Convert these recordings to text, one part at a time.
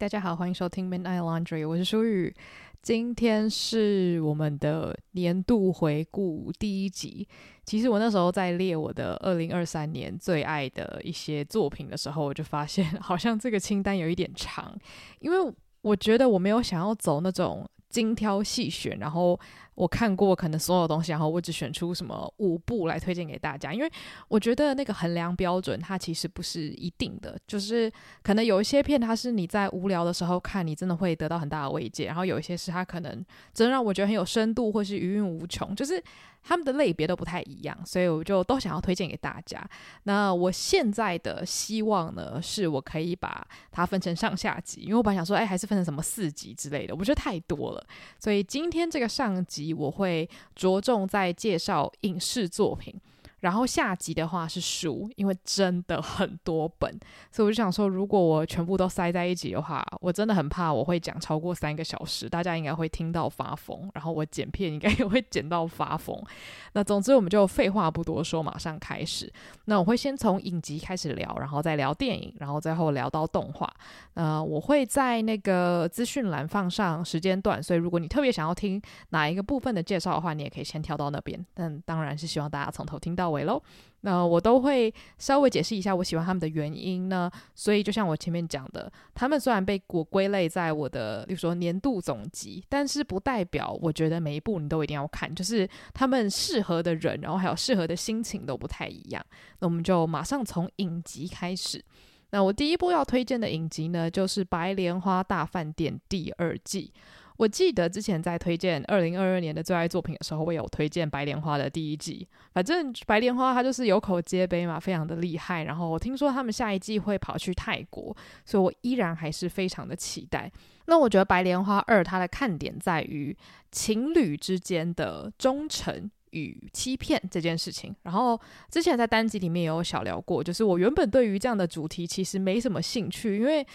大家好，歡迎收聽 Midnight Laundry，我是舒雨。今天是我們的年度回顧第一集。其實我那時候在列我的二零二三年最愛的一些作品的時候，我就發現好像這個清單有一點長，因為我覺得我沒有想要走那種精挑細選，然後，我看過可能所有東西，然後我只選出什麼五部來推薦給大家，因為我覺得那個衡量標準它其實不是一定的，就是可能有一些片它是你在無聊的時候看，你真的會得到很大的慰藉，然後有一些是它可能真讓我覺得很有深度或是餘韻無窮，就是他們的類別都不太一樣，所以我就都想要推薦給大家。那我現在的希望呢，是我可以把它分成上下集，因為我本來想說，哎，還是分成什麼四集之類的，我覺得太多了，所以今天這個上集。我會着重在介紹影視作品。然後下集的話是書，因為真的很多本，所以我就想說，如果我全部都塞在一起的話，我真的很怕我會講超過三個小時，大家應該會聽到發瘋，然後我剪片應該也會剪到發瘋。那總之我們就廢話不多說，馬上開始。那我會先從影集開始聊，然後再聊電影，然後最後聊到動畫。那、呃、我會在那個資訊欄放上時間段，所以如果你特別想要聽哪一個部分的介紹的話，你也可以先跳到那邊。但當然是希望大家從頭聽到為嘍，那我都會稍微解釋一下我喜歡他們的原因呢。所以就像我前面講的，他們雖然被我歸類在我的，比如說年度總集，但是不代表我覺得每一部你都一定要看。就是他們適合的人，然後還有適合的心情都不太一樣。那我們就馬上從影集開始。那我第一部要推薦的影集呢，就是《白蓮花大飯店》第二季。我記得之前在推薦二零二二年的最愛作品的時候，我有推薦《白蓮花》的第一季。反正《白蓮花》它就是有口皆碑嘛，非常的厲害。然後我聽說他們下一季會跑去泰國，所以我依然還是非常的期待。那我覺得《白蓮花二》它的看點在於情侶之間的忠誠與欺騙這件事情。然後之前在單集裡面也有小聊過，就是我原本對於這樣的主題其實沒什麼興趣，因為。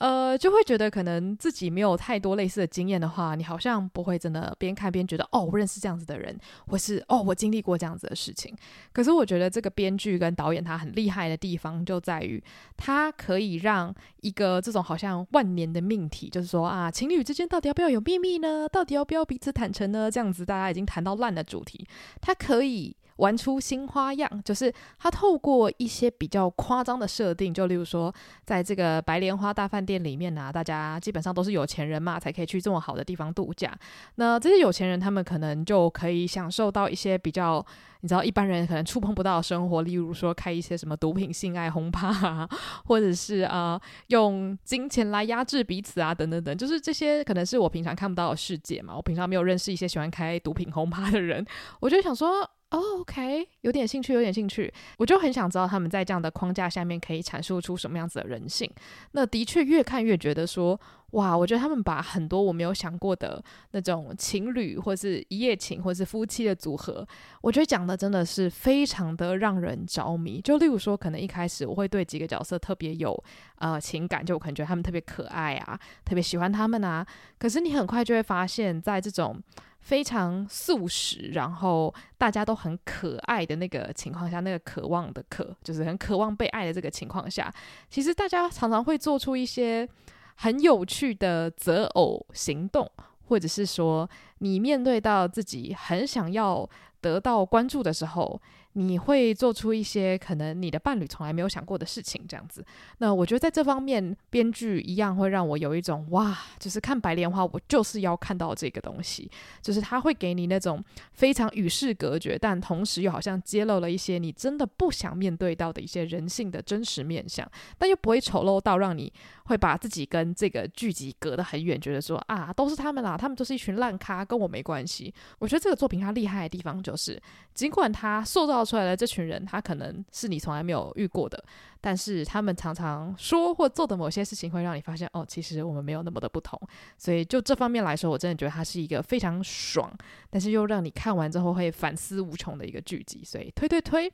呃，就會覺得可能自己沒有太多類似的經驗的話，你好像不會真的邊看邊覺得哦，我認識這樣子的人，或是哦，我經歷過這樣子的事情。可是我覺得這個編劇跟導演他很厲害的地方，就在於他可以讓一個這種好像萬年的命題，就是說啊，情侶之間到底要不要有秘密呢？到底要不要彼此坦誠呢？這樣子大家已經談到爛的主題，他可以。玩出新花樣，就是他透過一些比較誇張的設定，就例如說，在這個白蓮花大飯店裡面呢、啊，大家基本上都是有錢人嘛，才可以去這麼好的地方度假。那這些有錢人，他們可能就可以享受到一些比較，你知道一般人可能觸碰不到的生活，例如說開一些什麼毒品性愛轟趴、啊，或者是啊、呃、用金錢來壓制彼此啊，等等等，就是這些可能是我平常看不到的世界嘛。我平常沒有認識一些喜歡開毒品轟趴的人，我就想說。哦，OK，有點興趣，有點興趣。我就很想知道他們在這樣的框架下面可以闡述出什麼樣子的人性。那的確越看越覺得說，哇，我覺得他們把很多我沒有想過的那種情侶，或者是一夜情，或者是夫妻的組合，我覺得講的真的是非常的讓人着迷。就例如說，可能一開始我會對幾個角色特別有呃情感，就我可能覺得他們特別可愛啊，特別喜歡他們啊。可是你很快就會發現，在這種非常素食，然後大家都很可愛的那個情況下，那個渴望的渴，就是很渴望被愛的這個情況下，其實大家常常會做出一些很有趣的擇偶行動，或者是說，你面對到自己很想要得到關注的時候。你會做出一些可能你的伴侶從來沒有想過的事情，這樣子。那我覺得在這方面，編劇一樣會讓我有一種哇，就是看《白蓮花》，我就是要看到這個東西，就是他會給你那種非常與世隔絕，但同時又好像揭露了一些你真的不想面對到的一些人性的真實面相，但又不會醜陋到讓你會把自己跟這個劇集隔得很遠，覺得說啊，都是他們啦，他們就是一群爛咖，跟我沒關係。我覺得這個作品它厲害的地方就是，儘管它受到出來的這群人，他可能是你從來沒有遇過的，但是他們常常說或做的某些事情，會讓你發現哦，其實我們沒有那麼的不同。所以就這方面來說，我真的覺得它是一個非常爽，但是又讓你看完之後會反思無窮的一個劇集。所以推推推。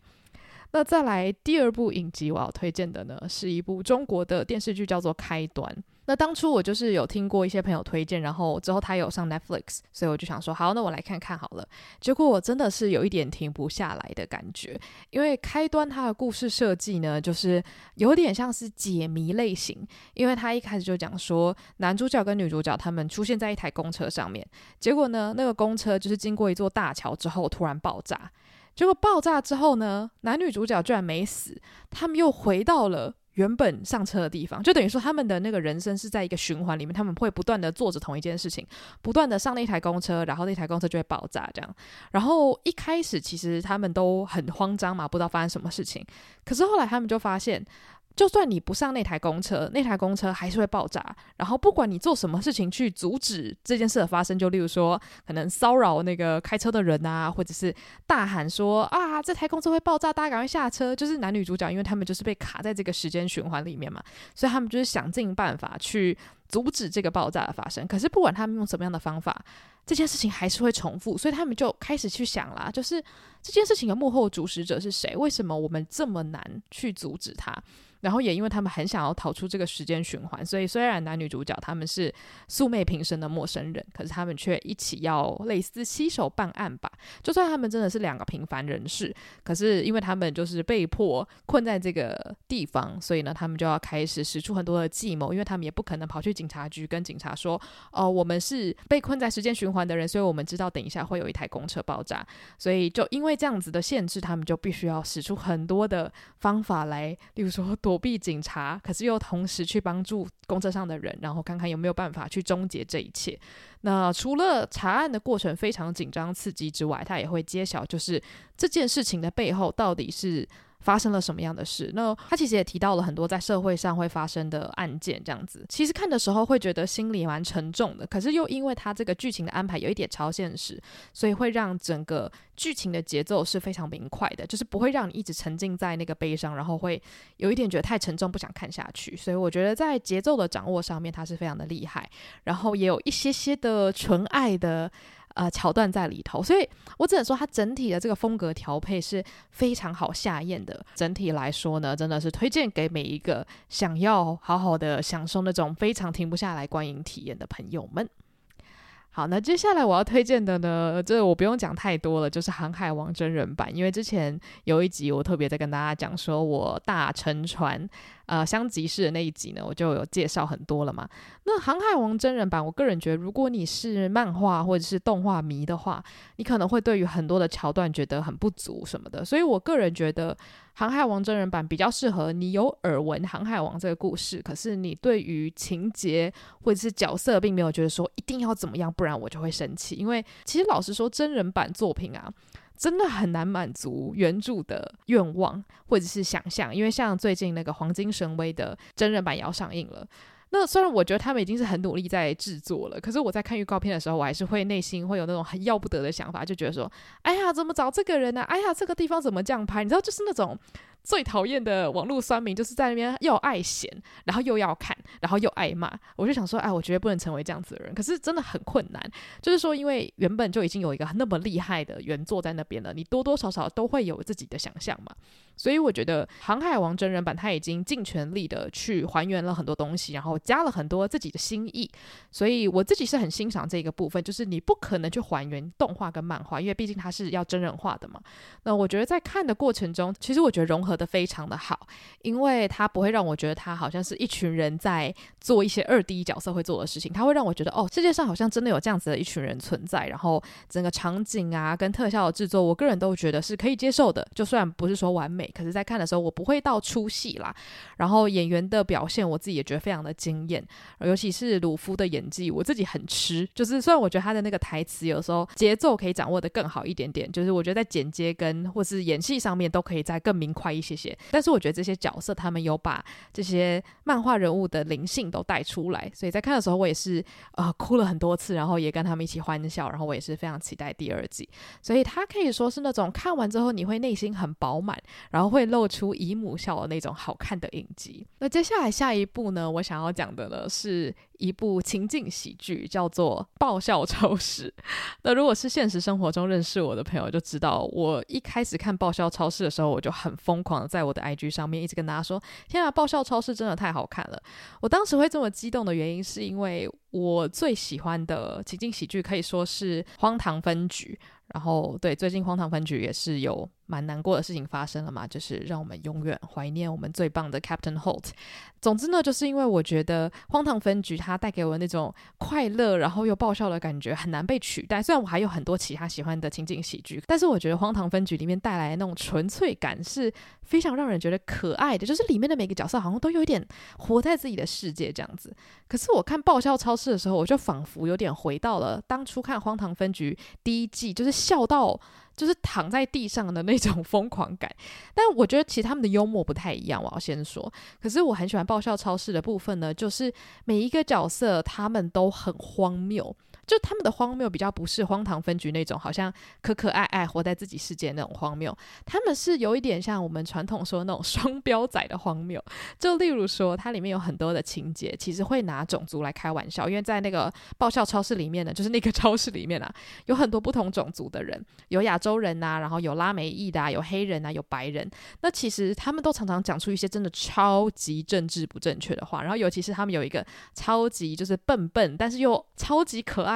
那再來第二部影集，我要推薦的呢，是一部中國的電視劇，叫做《開端》。那當初我就是有聽過一些朋友推薦，然後之後他有上 Netflix，所以我就想說，好，那我來看看好了。結果我真的是有一點停不下來的感覺，因為開端他的故事設計呢，就是有點像是解謎類型，因為他一開始就講說，男主角跟女主角他們出現在一台公車上面，結果呢，那個公車就是經過一座大橋之後突然爆炸，結果爆炸之後呢，男女主角居然沒死，他們又回到了。原本上車的地方，就等於說他們的那個人生是在一個循環裡面，他們會不斷的做着同一件事情，不斷的上那台公車，然後那台公車就會爆炸這樣。然後一開始其實他們都很慌張嘛，不知道發生什麼事情，可是後來他們就發現。就算你不上那台公車，那台公車還是會爆炸。然後不管你做什麼事情去阻止這件事的發生，就例如說，可能騷擾那個開車的人啊，或者是大喊說啊，這台公車會爆炸，大家趕快下車。就是男女主角，因為他們就是被卡在這個時間循環裡面嘛，所以他們就是想盡辦法去阻止這個爆炸的發生。可是不管他們用什麼樣的方法，這件事情還是會重複，所以他們就開始去想了，就是這件事情的幕後的主使者是誰？為什麼我們這麼難去阻止他？然後也因為他們很想要逃出這個時間循環，所以雖然男女主角他們是素昧平生的陌生人，可是他們卻一起要類似攜手辦案吧。就算他們真的是兩個平凡人士，可是因為他們就是被迫困在這個地方，所以呢，他們就要開始使出很多的計謀，因為他們也不可能跑去警察局跟警察說：“哦、呃，我們是被困在時間循環的人，所以我們知道等一下會有一台公車爆炸。”所以就因為這樣子的限制，他們就必須要使出很多的方法來，例如說。躲避警察，可是又同時去幫助公車上的人，然後看看有沒有辦法去終結這一切。那除了查案的過程非常緊張刺激之外，他也會揭曉，就是這件事情的背後到底是。發生了什麼樣的事？那他其實也提到了很多在社會上會發生的案件，這樣子其實看的時候會覺得心裡蠻沉重的。可是又因為他這個劇情的安排有一點超現實，所以會讓整個劇情的節奏是非常明快的，就是不會讓你一直沉浸在那個悲傷，然後會有一點覺得太沉重不想看下去。所以我覺得在節奏的掌握上面，他是非常的厲害。然後也有一些些的純愛的，啊、呃，橋段在裡頭，所以我只能說它整體的這個風格調配是非常好下咽的。整體來說呢，真的是推薦給每一個想要好好的享受那種非常停不下來觀影體驗的朋友們。好，那接下來我要推薦的呢，這我不用講太多了，就是《航海王》真人版，因為之前有一集我特別在跟大家講，說我大沉船。呃，香吉士的那一集呢，我就有介紹很多了嘛。那《航海王》真人版，我個人覺得，如果你是漫畫或者是動畫迷的話，你可能會對於很多的橋段覺得很不足什麼的。所以我個人覺得，《航海王》真人版比較適合你有耳聞《航海王》這個故事，可是你對於情節或者是角色，並沒有覺得說一定要怎麼樣，不然我就會生氣。因為其實老實說，真人版作品啊。真的很難滿足原著的願望或者是想象因為像最近那個《黃金神威》的真人版也要上映了。那雖然我覺得他們已經是很努力在制作了，可是我在看預告片的時候，我還是會內心會有那種很要不得的想法，就覺得說：哎呀，怎麼找這個人呢，啊？哎呀，這個地方怎麼這樣拍？你知道，就是那種。最討厭的網絡酸民就是在那邊又愛嫌，然後又要看，然後又愛罵。我就想說，哎，我絕對不能成為這樣子的人，可是真的很困難。就是說，因為原本就已經有一個那麼厲害的原作在那邊了，你多多少少都會有自己的想象嘛。所以我覺得《航海王》真人版他已經盡全力的去還原了很多東西，然後加了很多自己的心意。所以我自己是很欣賞這個部分，就是你不可能去還原動畫跟漫畫，因為畢竟它是要真人化的嘛。那我覺得在看的過程中，其實我覺得融合。的非常的好，因為他不會讓我覺得他好像是一群人在做一些二 D 角色會做的事情，他會讓我覺得哦，世界上好像真的有這樣子的一群人存在。然後整個場景啊跟特效的制作，我個人都覺得是可以接受的，就雖然不是說完美，可是，在看的時候我不會到出戲啦。然後演員的表現，我自己也覺得非常的驚豔，尤其是魯夫的演技，我自己很吃。就是雖然我覺得他的那個台詞有時候節奏可以掌握得更好一點點，就是我覺得在剪接跟或是演戲上面都可以再更明快一點。謝謝，但是我覺得這些角色他們有把這些漫畫人物的靈性都帶出來，所以在看的時候我也是呃哭了很多次，然後也跟他們一起歡笑，然後我也是非常期待第二季，所以他可以說是那種看完之後你會內心很飽滿，然後會露出姨母笑的那種好看的影集。那接下來下一部呢，我想要講的呢是。一部情境喜劇叫做《爆笑超市》。 那如果是現實生活中認識我的朋友，就知道我一開始看《爆笑超市》的時候，我就很瘋狂的在我的 IG 上面一直跟大家說：“天啊，《爆笑超市》真的太好看了！”我當時會這麼激動的原因，是因為我最喜歡的情境喜劇可以說是《荒唐分局》。然後，對最近《荒唐分局》也是有蠻難過的事情發生了嘛，就是讓我們永遠懷念我們最棒的 Captain Holt。總之呢，就是因為我覺得《荒唐分局》它帶給我那種快樂，然後又爆笑的感覺很難被取代。雖然我還有很多其他喜歡的情景喜劇，但是我覺得《荒唐分局》裡面帶來的那種純粹感是非常讓人覺得可愛的，就是裡面的每個角色好像都有一點活在自己的世界這樣子。可是我看《爆笑超市》的時候，我就仿佛有點回到了當初看《荒唐分局》第一季，就是笑到就是躺在地上的那種瘋狂感。但我覺得其實他們的幽默不太一樣，我要先說。可是我很喜歡《爆笑超市》的部分呢，就是每一個角色他們都很荒謬。就他們的荒謬比較不是荒唐分局那種，好像可可愛愛活在自己世界的那種荒謬，他們是有一點像我們傳統說的那種雙標仔的荒謬。就例如說，它裡面有很多的情節，其實會拿種族來開玩笑，因為在那個爆笑超市裡面呢，就是那個超市裡面啊，有很多不同種族的人，有亞洲人吶啊，然後有拉美裔的啊，有黑人啊，有白人。那其實他們都常常講出一些真的超級政治不正確的話，然後尤其是他們有一個超級就是笨笨，但是又超級可愛。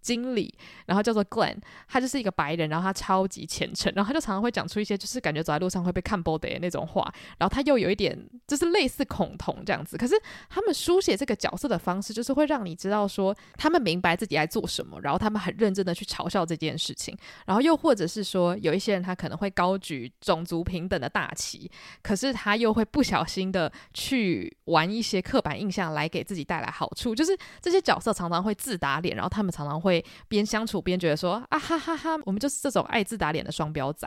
經理，然後叫做 Glenn，他就是一個白人，然後他超級虔誠，然後他就常常會講出一些就是感覺走在路上會被看波的那種話，然後他又有一點就是類似恐同這樣子。可是他們書寫這個角色的方式，就是會讓你知道說他們明白自己在做什麼，然後他們很認真的去嘲笑這件事情，然後又或者是說有一些人他可能會高舉種族平等的大旗，可是他又會不小心的去玩一些刻板印象來給自己帶來好處，就是這些角色常常會自打臉，然後他們常常會。會邊相處邊覺得說啊哈，哈哈哈，我們就是這種愛自打臉的雙標仔。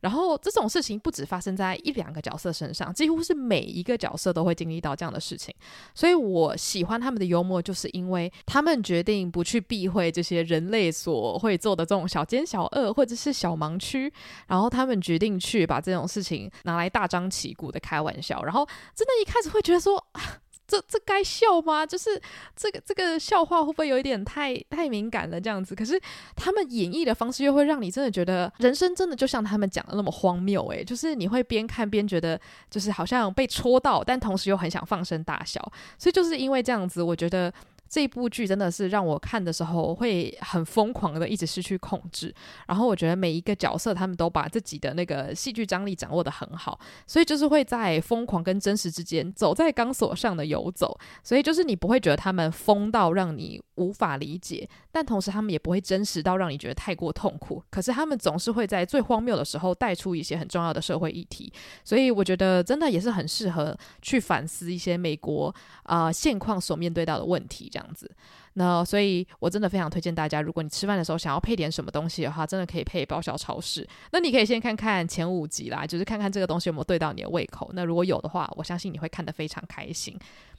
然後這種事情不止發生在一兩個角色身上，幾乎是每一個角色都會經歷到這樣的事情。所以我喜歡他們的幽默，就是因為他們決定不去避諱這些人類所會做的這種小奸小惡或者是小盲區，然後他們決定去把這種事情拿來大張旗鼓的開玩笑。然後真的一開始會覺得說。這這該笑嗎？就是這個這個笑話會不會有一點太太敏感了這樣子？可是他們演繹的方式又會讓你真的覺得人生真的就像他們講的那麼荒謬欸，就是你會邊看邊覺得就是好像被戳到，但同時又很想放聲大笑。所以就是因為這樣子，我覺得。這部劇真的是讓我看的時候會很瘋狂的，一直失去控制。然後我覺得每一個角色他們都把自己的那個戲劇張力掌握得很好，所以就是會在瘋狂跟真實之間走在鋼索上的游走。所以就是你不會覺得他們瘋到讓你無法理解，但同時他們也不會真實到讓你覺得太過痛苦。可是他們總是會在最荒謬的時候帶出一些很重要的社會議題，所以我覺得真的也是很適合去反思一些美國啊、呃、現況所面對到的問題，這樣樣子，那所以我真的非常推薦大家，如果你吃飯的時候想要配點什麼東西的話，真的可以配爆笑超市。那你可以先看看前五集啦，就是看看這個東西有沒有對到你的胃口。那如果有的話，我相信你會看得非常開心。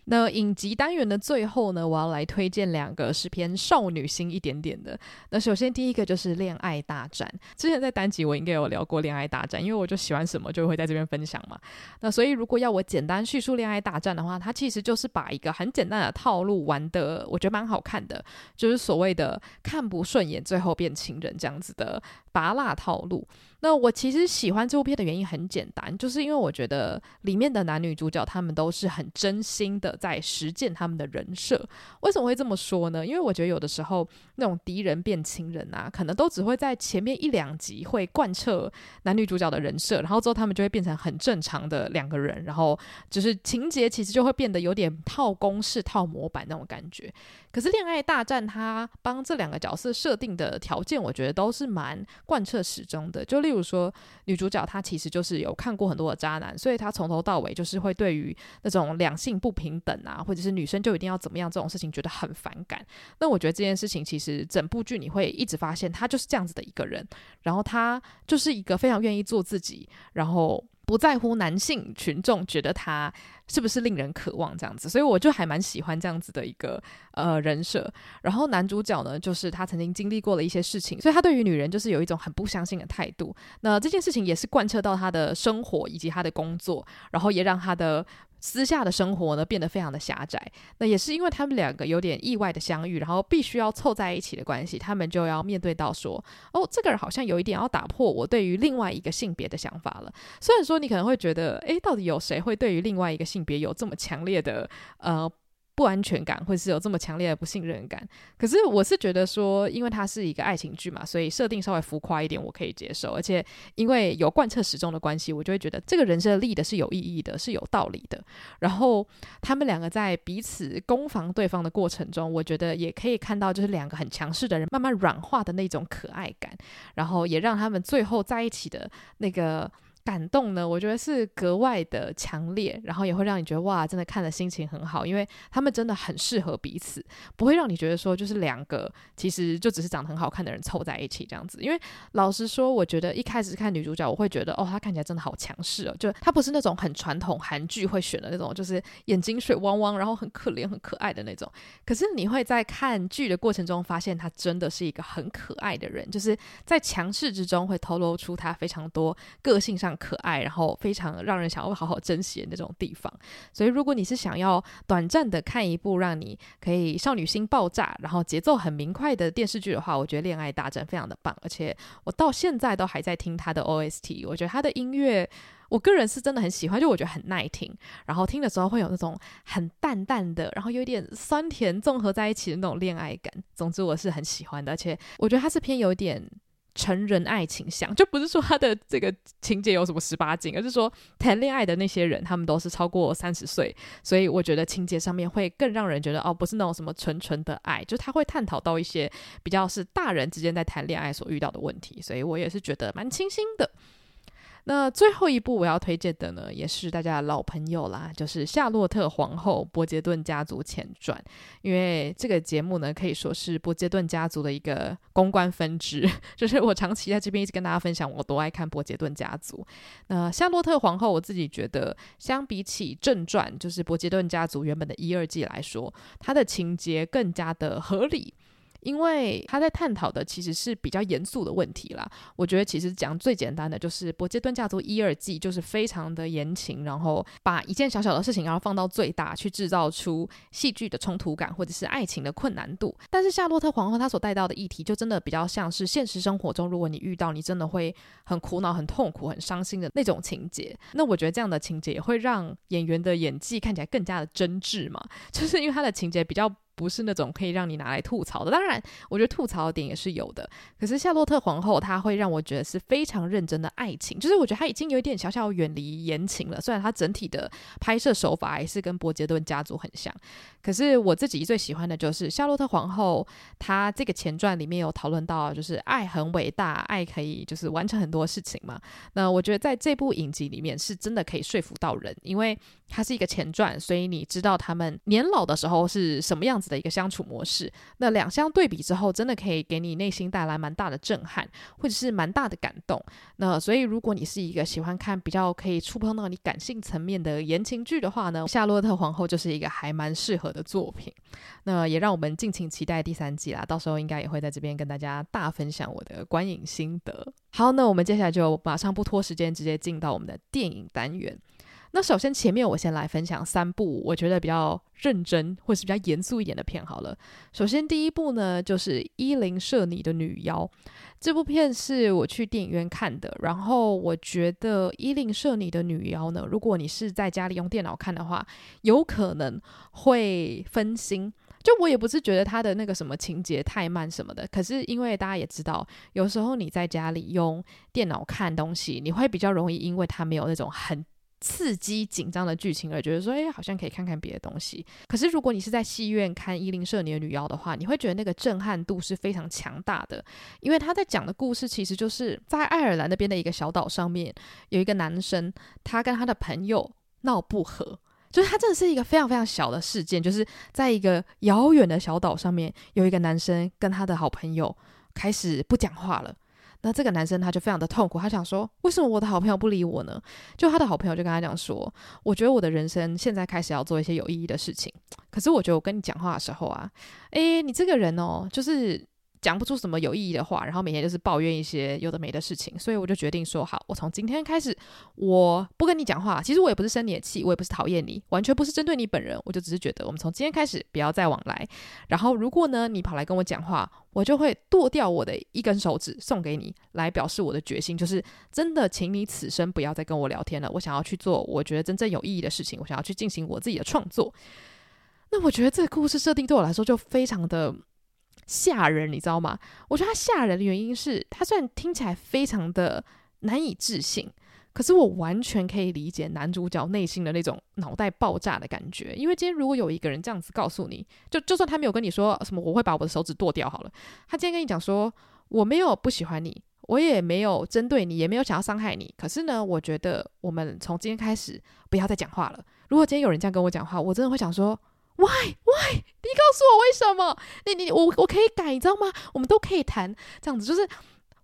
那影集單元的最後呢，我要來推薦兩個是偏少女心一點點的。那首先第一個就是《戀愛大戰》，之前在單集我應該有聊過《戀愛大戰》，因為我就喜歡什麼就會在這邊分享嘛。那所以如果要我簡單敘述《戀愛大戰》的話，它其實就是把一個很簡單的套路玩得我覺得蠻好看的，就是所謂的看不順眼最後變情人這樣子的芭樂套路。那我其實喜歡這部片的原因很簡單，就是因為我覺得裡面的男女主角他們都是很真心的，在實踐他們的人設，為什麼會這麼說呢？因為我覺得有的時候那種敵人變情人啊，可能都只會在前面一兩集會貫徹男女主角的人設，然後之後他們就會變成很正常的兩個人，然後就是情節其實就會變得有點套公式、套模板那種感覺。可是《戀愛大戰》他幫這兩個角色設定的條件，我覺得都是蠻貫徹始終的。就例如說，女主角她其實就是有看過很多的渣男，所以她從頭到尾就是會對於那種兩性不平等啊，或者是女生就一定要怎麼樣這種事情，覺得很反感。那我覺得這件事情其實整部劇你會一直發現，他就是這樣子的一個人，然後他就是一個非常願意做自己，然後不在乎男性群眾覺得他是不是令人渴望這樣子。所以我就還蠻喜歡這樣子的一個呃人設。然後男主角呢，就是他曾經經歷過了一些事情，所以他對於女人就是有一種很不相信的態度。那這件事情也是貫徹到他的生活以及他的工作，然後也讓他的。私下的生活呢，變得非常的狹窄。那也是因為他們兩個有點意外的相遇，然後必須要湊在一起的關係，他們就要面對到說，哦，這個人好像有一點要打破我對於另外一個性別的想法了。雖然說你可能會覺得，欸，到底有誰會對於另外一個性別有這麼強烈的呃不安全感，或者是有這麼強烈的不信任感。可是我是覺得說，因為它是一個愛情劇嘛，所以設定稍微浮誇一點我可以接受。而且因為有貫徹始終的關係，我就會覺得這個人設立的是有意義的，是有道理的。然後他們兩個在彼此攻防對方的過程中，我覺得也可以看到，就是兩個很強勢的人慢慢軟化的那種可愛感。然後也讓他們最後在一起的那個。感動呢，我覺得是格外的強烈，然後也會讓你覺得哇，真的看的心情很好，因為他們真的很適合彼此，不會讓你覺得說，就是兩個其實就只是長得很好看的人湊在一起這樣子。因為老實說，我覺得一開始看女主角，我會覺得哦，她看起來真的好強勢哦，就她不是那種很傳統韓劇會選的那種，就是眼睛水汪汪，然後很可憐很可愛的那種。可是你會在看劇的過程中發現，她真的是一個很可愛的人，就是在強勢之中會透露出她非常多個性上。可愛，然後非常讓人想要好好珍惜的那種地方。所以，如果你是想要短暫的看一部讓你可以少女心爆炸，然後節奏很明快的電視劇的話，我覺得《戀愛大戰》非常的棒。而且，我到現在都還在聽它的 OST。我覺得它的音樂，我個人是真的很喜歡，就我覺得很耐聽。然後聽的時候會有那種很淡淡的，然後有點酸甜綜合在一起的那種戀愛感。總之，我是很喜歡的，而且我覺得它是偏有點。成人愛情向，就不是說他的這個情節有什麼十八禁，而是說談戀愛的那些人，他們都是超過三十歲，所以我覺得情節上面會更讓人覺得哦，不是那種什麼純純的愛，就他會探討到一些比較是大人之間在談戀愛所遇到的問題，所以我也是覺得蠻清新的。那最後一部我要推薦的呢，也是大家的老朋友啦，就是《夏洛特皇后：柏傑頓家族前傳》，因為這個節目呢，可以說是柏傑頓家族的一個公關分支，就是我長期在這邊一直跟大家分享，我多愛看柏傑頓家族。那《夏洛特皇後》，我自己覺得，相比起正傳，就是柏傑頓家族原本的一二季來說，它的情節更加的合理。因為他在探討的其實是比較嚴肅的問題啦。我覺得其實講最簡單的，就是《柏傑頓家族》一二季就是非常的言情，然後把一件小小的事情，然後放到最大去製造出戲劇的衝突感，或者是愛情的困難度。但是夏洛特皇後她所帶到的議題，就真的比較像是現實生活中，如果你遇到，你真的會很苦惱、很痛苦、很傷心的那種情節。那我覺得這樣的情節會讓演員的演技看起來更加的真摯嘛，就是因為他的情節比較。不是那種可以讓你拿來吐槽的，當然，我覺得吐槽的點也是有的。可是夏洛特皇後，她會讓我覺得是非常認真的愛情，就是我覺得她已經有一點小小遠離言情了。雖然她整體的拍攝手法還是跟柏傑頓家族很像，可是我自己最喜歡的就是夏洛特皇後。她這個前傳裡面有討論到，就是愛很偉大，愛可以就是完成很多事情嘛。那我覺得在這部影集裡面是真的可以說服到人，因為。它是一個前傳，所以你知道他們年老的時候是什麼樣子的一個相處模式。那兩相對比之後，真的可以給你內心帶來蠻大的震撼，或者是蠻大的感動。那所以，如果你是一個喜歡看比較可以觸碰到你感性層面的言情劇的話呢，《夏洛特皇後》就是一個還蠻適合的作品。那也讓我們敬請期待第三季啦，到時候應該也會在這邊跟大家大分享我的觀影心得。好，那我們接下來就馬上不拖時間，直接進到我們的電影單元。那首先，前面我先來分享三部我覺得比較認真或是比較嚴肅一點的片好了。首先，第一部呢就是《依尼舍林的女妖》這部片，是我去電影院看的。然後，我覺得《依尼舍林的女妖》呢，如果你是在家裡用電腦看的話，有可能會分心。就我也不是覺得它的那個什麼情節太慢什麼的，可是因為大家也知道，有時候你在家裡用電腦看東西，你會比較容易因為它沒有那種很。刺激緊張的劇情而覺得說，哎、欸，好像可以看看別的東西。可是如果你是在戲院看《依尼舍林的女妖》的話，你會覺得那個震撼度，是非常強大的，因為她在講的故事其實就是在愛爾蘭那邊的一個小島上面，有一個男生他跟他的朋友鬧不和，就是他真的是一個非常非常小的事件，就是在一個遙遠的小島上面，有一個男生跟他的好朋友開始不講話了。那這個男生他就非常的痛苦，他想說，為什麼我的好朋友不理我呢？就他的好朋友就跟他講說，我覺得我的人生現在開始要做一些有意義的事情，可是我覺得我跟你講話的時候啊，誒，你這個人哦，就是。講不出什麼有意義的話，然後每天就是抱怨一些有的沒的事情，所以我就決定說：好，我從今天開始，我不跟你講話。其實我也不是生你的氣，我也不是討厭你，完全不是針對你本人。我就只是覺得，我們從今天開始不要再往來。然後，如果呢你跑來跟我講話，我就會剁掉我的一根手指送給你，來表示我的決心，就是真的，請你此生不要再跟我聊天了。我想要去做我覺得真正有意義的事情，我想要去進行我自己的創作。那我覺得這個故事設定對我來說就非常的……嚇人，你知道嗎？我覺得他嚇人的原因是他雖然聽起來非常的難以置信，可是我完全可以理解男主角內心的那種腦袋爆炸的感覺。因為今天如果有一個人這樣子告訴你，就就算他沒有跟你說什麼，我會把我的手指剁掉好了。他今天跟你講說，我沒有不喜歡你，我也沒有針對你，也沒有想要傷害你。可是呢，我覺得我們從今天開始不要再講話了。如果今天有人這樣跟我講話，我真的會想說，喂喂，Why? Why? 你告訴我為什麼？你你我我可以改，你知道嗎？我們都可以談這樣子，就是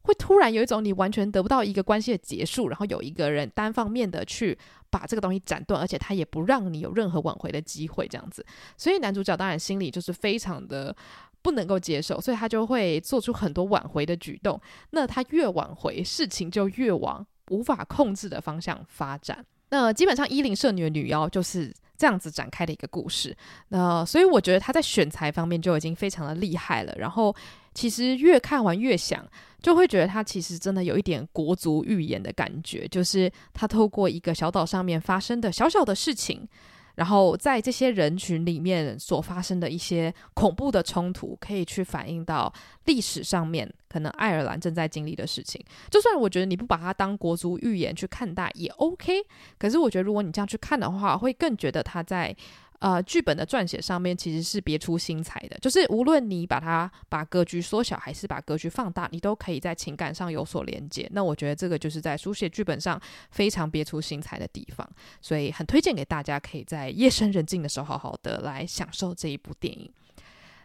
會突然有一種你完全得不到一個關係的結束，然後有一個人單方面的去把這個東西斬斷，而且他也不讓你有任何挽回的機會，這樣子。所以男主角當然心裡就是非常的不能夠接受，所以他就會做出很多挽回的舉動。那他越挽回，事情就越往無法控制的方向發展。那基本上依尼舍林的女妖就是。這樣子展開的一個故事，那所以我覺得他在選材方面就已經非常的厲害了。然後其實越看完越想，就會覺得他其實真的有一點國族寓言的感覺，就是他透過一個小島上面發生的小小的事情。然後在這些人群裡面所發生的一些恐怖的衝突，可以去反映到歷史上面，可能愛爾蘭正在經歷的事情。就算我覺得你不把它當國族預言去看待也 OK，可是我覺得如果你這樣去看的話，會更覺得他在。呃，劇本的撰寫上面其實是別出心裁的，就是無論你把它把格局縮小，還是把格局放大，你都可以在情感上有所連接。那我覺得這個就是在書寫劇本上非常別出心裁的地方，所以很推薦給大家，可以在夜深人靜的時候好好的來享受這一部電影。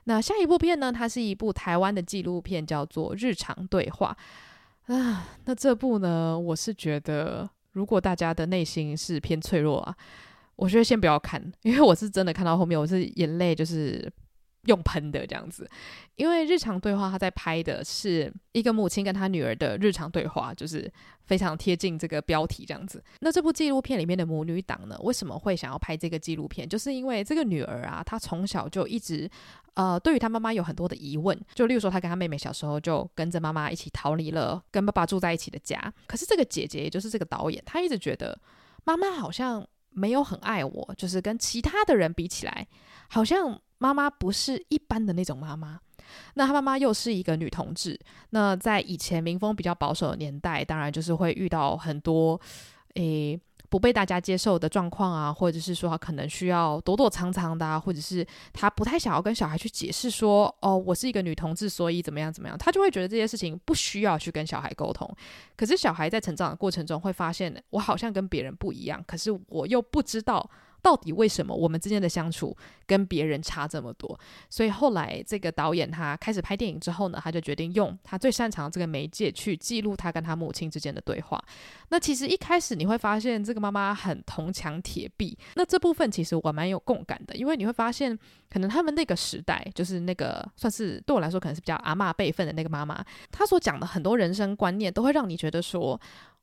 那下一部片呢，它是一部台灣的紀錄片，叫做《日常對話》。啊，那這部呢，我是覺得如果大家的內心是偏脆弱啊。我覺得先不要看，因為我是真的看到後面，我是眼淚就是用噴的這樣子。因為日常對話，他在拍的是一個母親跟她女兒的日常對話，就是非常貼近這個標題這樣子。那這部紀錄片裡面的母女檔呢，為什麼會想要拍這個紀錄片？就是因為這個女兒啊，她從小就一直呃，對於她媽媽有很多的疑問。就例如說，她跟她妹妹小時候就跟着媽媽一起逃離了跟爸爸住在一起的家。可是這個姐姐，也就是這個導演，她一直覺得媽媽好像。沒有很愛我，就是跟其他的人比起來，好像媽媽不是一般的那種媽媽。那她媽媽又是一個女同志，那在以前民風比較保守的年代，當然就是會遇到很多，誒。不被大家接受的狀況啊，或者是說可能需要躲躲藏藏的啊，或者是他不太想要跟小孩去解釋說，哦，我是一個女同志，所以怎麼樣怎麼樣，他就會覺得這些事情不需要去跟小孩溝通。可是小孩在成長的過程中會發現，我好像跟別人不一樣，可是我又不知道。到底為什麼我們之間的相處跟別人差這麼多？所以後來這個導演他開始拍電影之後呢，他就決定用他最擅長的這個媒介去記錄他跟他母親之間的對話。那其實一開始你會發現這個媽媽很銅牆鐵壁，那這部分其實我蠻有共感的，因為你會發現可能他們那個時代就是那個算是對我來說可能是比較阿嬤輩分的那個媽媽，她所講的很多人生觀念都會讓你覺得說。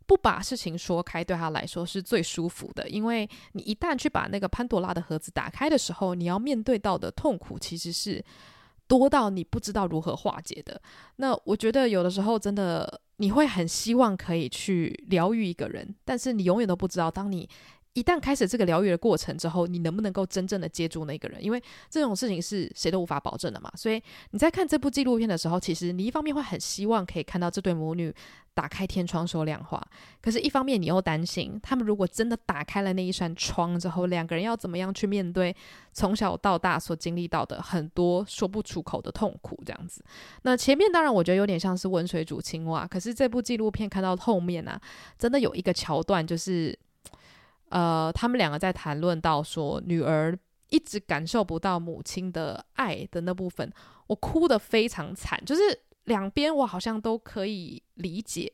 不把事情說開，對他來說是最舒服的，因為你一旦去把那個潘朵拉的盒子打開的時候，你要面對到的痛苦其實是多到你不知道如何化解的。那我覺得有的時候真的你會很希望可以去療癒一個人，但是你永遠都不知道當你。一旦開始這個療癒的過程之後，你能不能夠真正的接住那個人？因為這種事情是誰都無法保證的嘛。所以你在看這部紀錄片的時候，其實你一方面會很希望可以看到這對母女打開天窗說亮話，可是一方面你又擔心，他們如果真的打開了那一扇窗之後，兩個人要怎麼樣去面對從小到大所經歷到的很多說不出口的痛苦這樣子。那前面當然我覺得有點像是溫水煮青蛙，可是這部紀錄片看到後面呢、啊，真的有一個橋段就是。呃，他們兩個在談論到說女兒一直感受不到母親的愛的那部分，我哭得非常慘。就是兩邊我好像都可以理解，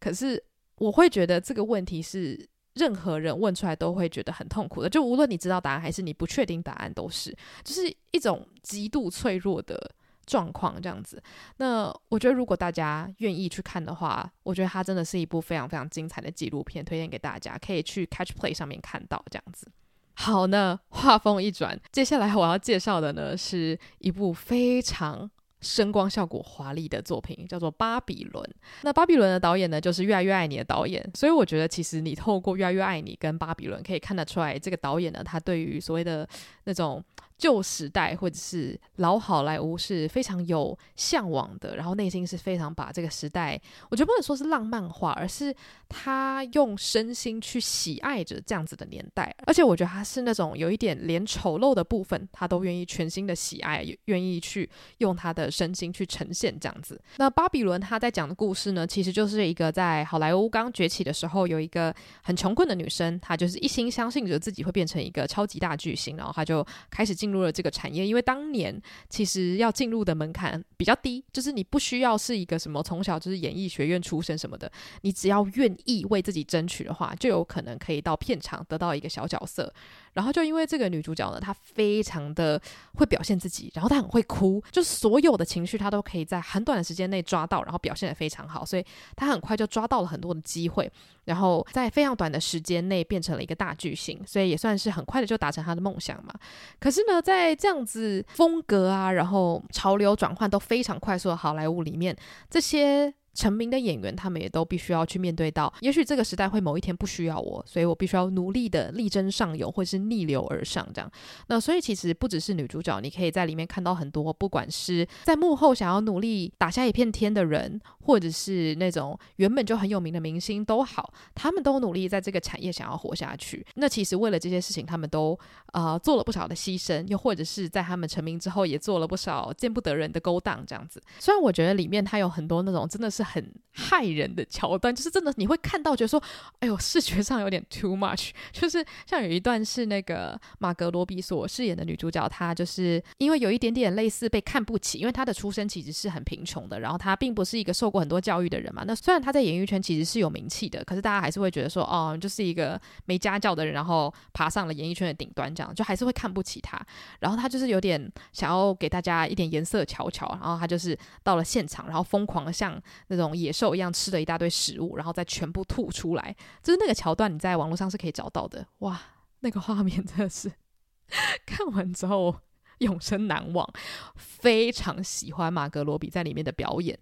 可是我會覺得這個問題是任何人問出來都會覺得很痛苦的。就無論你知道答案還是你不確定答案，都是就是一種極度脆弱的。狀況這樣子，那我覺得如果大家願意去看的話，我覺得它真的是一部非常非常精彩的紀錄片，推薦給大家可以去 Catch Play 上面看到這樣子。好，那畫風一轉，接下來我要介紹的呢是一部非常聲光效果華麗的作品，叫做《巴比倫》。那《巴比倫》的導演呢，就是《越來越愛你》的導演，所以我覺得其實你透過《越來越愛你》跟《巴比倫》可以看得出來，這個導演呢，他對於所謂的那種。舊時代或者是老好萊塢是非常有嚮往的，然後內心是非常把這個時代，我覺得不能說是浪漫化，而是他用身心去喜愛着這樣子的年代。而且我覺得他是那種有一點連醜陋的部分，他都願意全心的喜愛，願意去用他的身心去呈現這樣子。那巴比倫他在講的故事呢，其實就是一個在好萊塢剛崛起的時候，有一個很窮困的女生，她就是一心相信着自己會變成一個超級大巨星，然後她就開始。進入了這個產業，因為當年其實要進入的門檻比較低，就是你不需要是一個什麼從小就是演藝學院出身什麼的，你只要願意為自己爭取的話，就有可能可以到片場得到一個小角色。然後就因為這個女主角呢，她非常的會表現自己，然後她很會哭，就是所有的情緒她都可以在很短的時間內抓到，然後表現得非常好，所以她很快就抓到了很多的機會，然後在非常短的時間內變成了一個大巨星，所以也算是很快的就達成她的夢想嘛。可是呢？在這樣子風格啊，然後潮流轉換都非常快速的好萊塢裡面，這些成名的演員，他們也都必須要去面對到，也許這個時代會某一天不需要我，所以我必須要努力的力爭上游，或是逆流而上這樣。那所以其實不只是女主角，你可以在裡面看到很多，不管是在幕後想要努力打下一片天的人，或者是那種原本就很有名的明星都好，他們都努力在這個產業想要活下去。那其實為了這些事情，他們都。啊、呃，做了不少的犧牲，又或者是在他們成名之後，也做了不少見不得人的勾當，這樣子。雖然我覺得裡面他有很多那種真的是很駭人的橋段，就是真的你會看到，覺得說，哎呦，視覺上有點 too much。就是像有一段是那個瑪格羅比所飾演的女主角，她就是因為有一點點類似被看不起，因為她的出身其實是很貧窮的，然後她並不是一個受過很多教育的人嘛。那雖然她在演藝圈其實是有名氣的，可是大家還是會覺得說，哦，就是一個沒家教的人，然後爬上了演藝圈的頂端，這樣子。就還是會看不起他，然後他就是有點想要給大家一點顏色瞧瞧，然後他就是到了現場，然後瘋狂的像那種野獸一樣吃了一大堆食物，然後再全部吐出來，就是那個橋段，你在網絡上是可以找到的。哇，那個畫面真的是看完之後永生難忘，非常喜歡瑪格羅比在裡面的表演，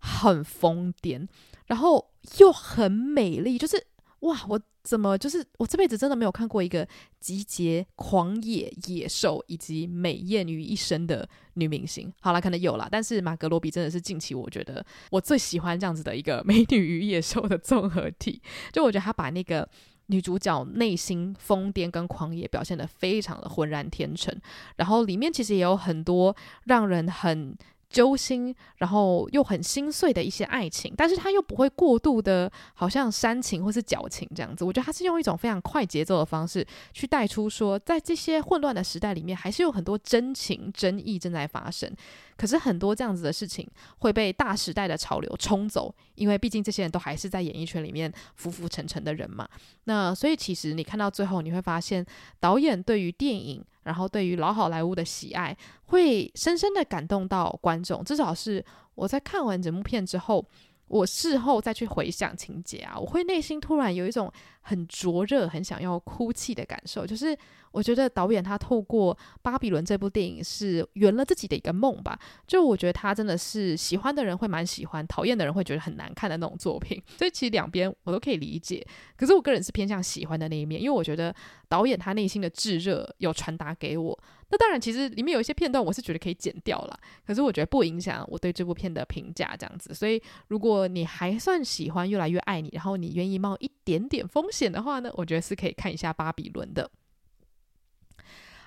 很瘋癲，然後又很美麗，就是哇我。怎麼？就是我這輩子真的沒有看過一個集結狂野野獸以及美艷於一身的女明星。好了，可能有啦。但是馬格羅比真的是近期我覺得我最喜歡這樣子的一個美女與野獸的綜合體。就我覺得她把那個女主角內心瘋癲跟狂野表現得非常的渾然天成，然後裡面其實也有很多讓人很。揪心，然後又很心碎的一些愛情，但是他又不會過度的，好像煽情或是矯情這樣子。我覺得他是用一種非常快節奏的方式去帶出，說在這些混亂的時代裡面，還是有很多真情真意正在發生。可是很多這樣子的事情會被大時代的潮流沖走，因為畢竟這些人都還是在演藝圈裡面浮浮沉沉的人嘛。那所以其實你看到最後，你會發現導演對於電影。然後對於老好萊塢的喜愛，會深深的感動到觀眾。至少是我在看完整部片之後。我事後再去回想情節啊，我會內心突然有一種很灼熱、很想要哭泣的感受。就是我覺得導演他透過《巴比倫》這部電影是圓了自己的一個夢吧。就我覺得他真的是喜歡的人會蠻喜歡，討厭的人會覺得很難看的那種作品。所以其實兩邊我都可以理解，可是我個人是偏向喜歡的那一面，因為我覺得導演他內心的炙熱有傳達給我。那當然，其實裡面有一些片段，我是覺得可以剪掉了。可是我覺得不影響我對這部片的評價，這樣子。所以，如果你還算喜歡《越來越愛你》，然後你願意冒一點點風險的話呢，我覺得是可以看一下《巴比倫》的。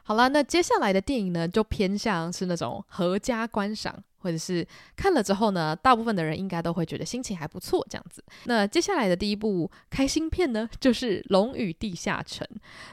好啦，那接下來的電影呢，就偏向是那種合家觀賞。或者是看了之後呢，大部分的人應該都會覺得心情還不錯，這樣子。那接下來的第一部開心片呢，就是《龍與地下城》。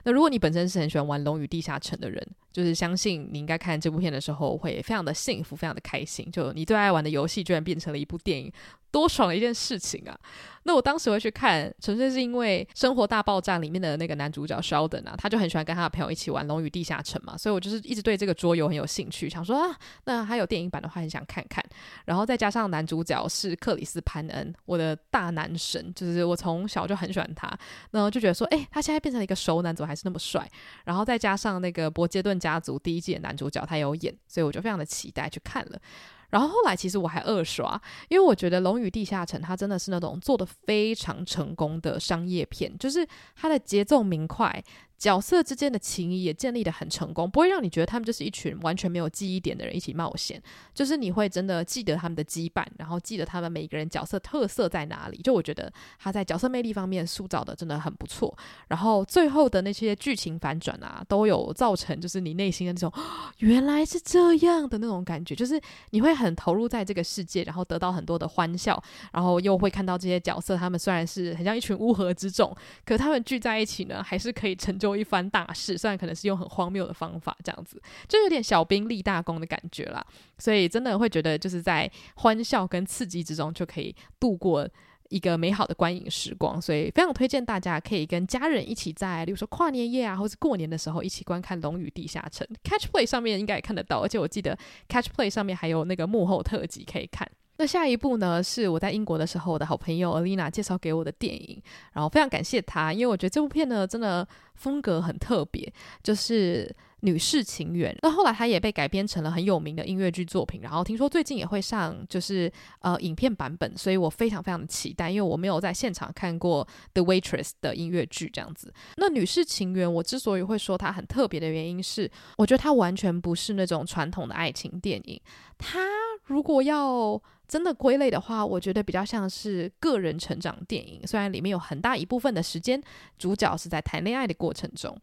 那如果你本身是很喜歡玩《龍與地下城》的人，就是相信你應該看這部片的時候會非常的幸福，非常的開心。就你最愛玩的遊戲居然變成了一部電影。多爽的一件事情啊！那我當時會去看，純粹是因為《生活大爆炸》裡面的那個男主角謝爾頓啊，他就很喜歡跟他的朋友一起玩《龍與地下城》嘛，所以我就是一直對這個桌遊很有興趣，想說啊，那還有電影版的話很想看看。然後再加上男主角是克里斯·潘恩，我的大男神，就是我從小就很喜歡他，那我就覺得說，誒、欸，他現在變成了一個熟男，怎麼還是那麼帥？然後再加上那個《伯杰頓家族》第一季的男主角他有演，所以我就非常的期待去看了。然後後來其實我還二刷，因為我覺得《龍與地下城》它真的是那種做得非常成功的商業片，就是它的節奏明快。角色之間的情誼也建立得很成功，不會讓你覺得他們就是一群完全沒有記憶點的人一起冒險，就是你會真的記得他們的羈絆，然後記得他們每一個人角色特色在哪裡。就我覺得他在角色魅力方面塑造的真的很不錯，然後最後的那些劇情反轉啊，都有造成就是你內心的那種、哦、原來是這樣的那種感覺，就是你會很投入在這個世界，然後得到很多的歡笑，然後又會看到這些角色他們雖然是很像一群烏合之眾，可他們聚在一起呢，還是可以成就有一番大事，雖然可能是用很荒謬的方法，這樣子就有點小兵立大功的感覺啦。所以真的會覺得就是在歡笑跟刺激之中就可以度過一個美好的觀影時光。所以非常推薦大家可以跟家人一起在，在例如說跨年夜啊，或是過年的時候一起觀看《龍與地下城》。Catch Play 上面應該也看得到，而且我記得 Catch Play 上面還有那個幕後特輯可以看。那下一部呢，是我在英國的時候，我的好朋友 Alina 介紹給我的電影，然後非常感謝她，因為我覺得這部片呢真的風格很特別，就是《女侍情緣》。那後來她也被改編成了很有名的音樂劇作品，然後聽說最近也會上就是呃影片版本，所以我非常非常的期待，因為我沒有在現場看過《The Waitress》的音樂劇這樣子。那《女侍情緣》我之所以會說它很特別的原因是，我覺得它完全不是那種傳統的愛情電影，它如果要。真的歸類的話，我覺得比較像是個人成長電影。雖然裡面有很大一部分的時間，主角是在談戀愛的過程中。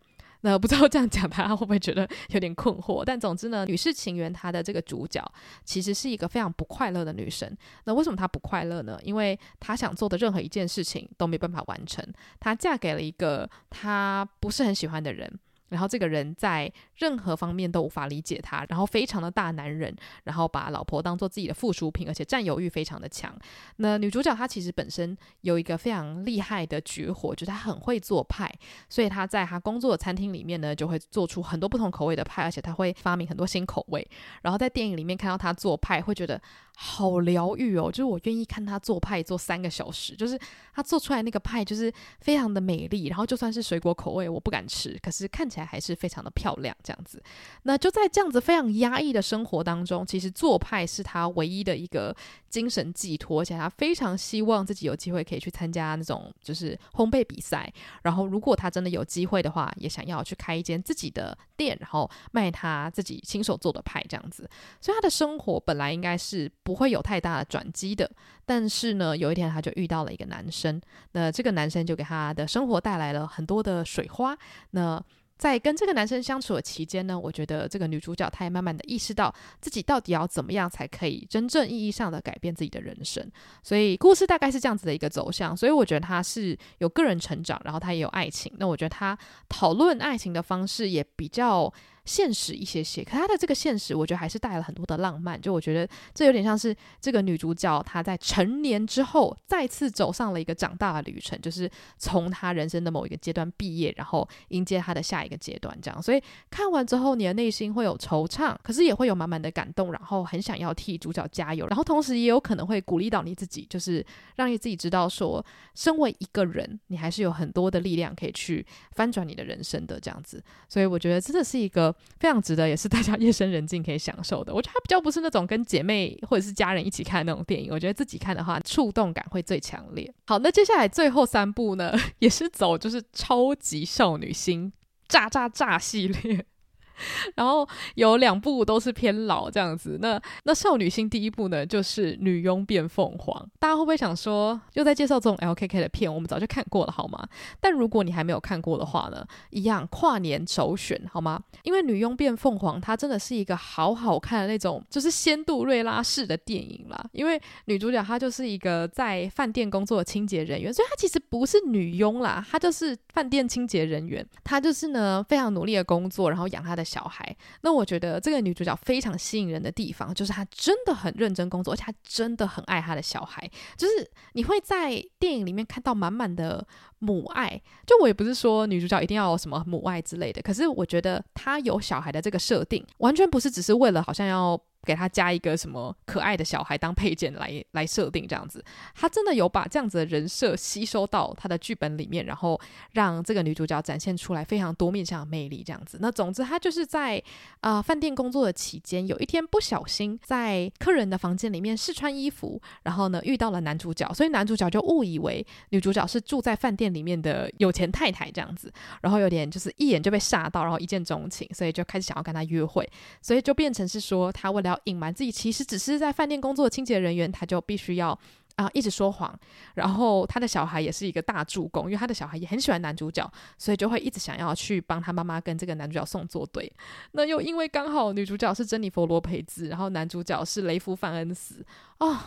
那不知道這樣講，大家會不會覺得有點困惑？但總之呢，《女侍情緣》她的這個主角其實是一個非常不快樂的女生。那為什麼她不快樂呢？因為她想做的任何一件事情都沒辦法完成。她嫁給了一個她不是很喜歡的人，然後這個人在。任何方面都無法理解他，然後非常的大男人，然後把老婆當做自己的附屬品，而且佔有欲非常的強。那女主角她其實本身有一個非常厲害的絕活，就是她很會做派，所以她在她工作的餐廳裡面呢，就會做出很多不同口味的派，而且她會發明很多新口味。然後在電影裡面看到她做派，會覺得好療癒哦，就是我願意看她做派做三個小時，就是她做出來那個派就是非常的美麗，然後就算是水果口味我不敢吃，可是看起來還是非常的漂亮。這樣子，那就在這樣子非常壓抑的生活當中，其實做派是他唯一的一個精神寄託，而且他非常希望自己有機會可以去參加那種就是烘焙比賽。然後，如果他真的有機會的話，也想要去開一間自己的店，然後賣他自己親手做的派這樣子。所以，他的生活本來應該是不會有太大的轉機的。但是呢，有一天他就遇到了一個男生，那這個男生就給他的生活帶來了很多的水花。那在跟這個男生相處的期間呢，我覺得這個女主角她也慢慢的意識到自己到底要怎麼樣才可以真正意義上的改變自己的人生，所以故事大概是這樣子的一個走向，所以我覺得她是有個人成長，然後她也有愛情，那我覺得她討論愛情的方式也比較現實一些些，可他的這個現實，我覺得還是帶了很多的浪漫。就我覺得這有點像是這個女主角她在成年之後，再次走上了一個長大的旅程，就是從她人生的某一個階段畢業，然後迎接她的下一個階段。這樣，所以看完之後，你的內心會有惆悵，可是也會有滿滿的感動，然後很想要替主角加油，然後同時也有可能會鼓勵到你自己，就是讓你自己知道說，身為一個人，你還是有很多的力量可以去翻轉你的人生的這樣子。所以我覺得真的是一個。非常值得，也是大家夜深人靜可以享受的。我覺得它比較不是那種跟姐妹或者是家人一起看的那種電影，我覺得自己看的話，觸動感會最強烈。好，那接下來最後三部呢，也是走就是超級少女心炸炸炸系列。 然後有兩部都是偏老這樣子，那那少女心第一部呢就是《女傭變鳳凰》，大家會不會想說又在介紹這種 LKK 的片？我們早就看過了好嗎？但如果你還沒有看過的話呢，一樣跨年首選好嗎？因為《女傭變鳳凰》它真的是一個好好看的那種，就是仙度瑞拉式的電影啦。因為女主角她就是一個在飯店工作的清潔人員，所以她其實不是女傭啦，她就是飯店清潔人員，她就是呢非常努力的工作，然後養她的。小孩，那我覺得這個女主角非常吸引人的地方，就是她真的很認真工作，而且她真的很愛她的小孩。就是你會在電影裡面看到滿滿的母愛，就我也不是說女主角一定要有什麼母愛之類的，可是我覺得她有小孩的這個設定，完全不是只是為了好像要。給他加一個什麼可愛的小孩當配件，來來設定這樣子，他真的有把這樣子的人設吸收到他的劇本裡面，然後讓這個女主角展現出來非常多面向的魅力這樣子。那總之，他就是在啊、呃、飯店工作的期間，有一天不小心在客人的房間裡面試穿衣服，然後呢，遇到了男主角，所以男主角就誤以為女主角是住在飯店裡面的有錢太太這樣子，然後有點就是一眼就被嚇到，然後一見鍾情，所以就開始想要跟他約會，所以就變成是說他為了隱瞞自己其實只是在飯店工作的清潔人員，他就必須要啊、呃、一直說謊。然後他的小孩也是一個大助攻，因為他的小孩也很喜歡男主角，所以就會一直想要去幫他媽媽跟這個男主角送作對。那又因為剛好女主角是珍妮佛羅培茲，然後男主角是雷夫范恩斯，啊、哦。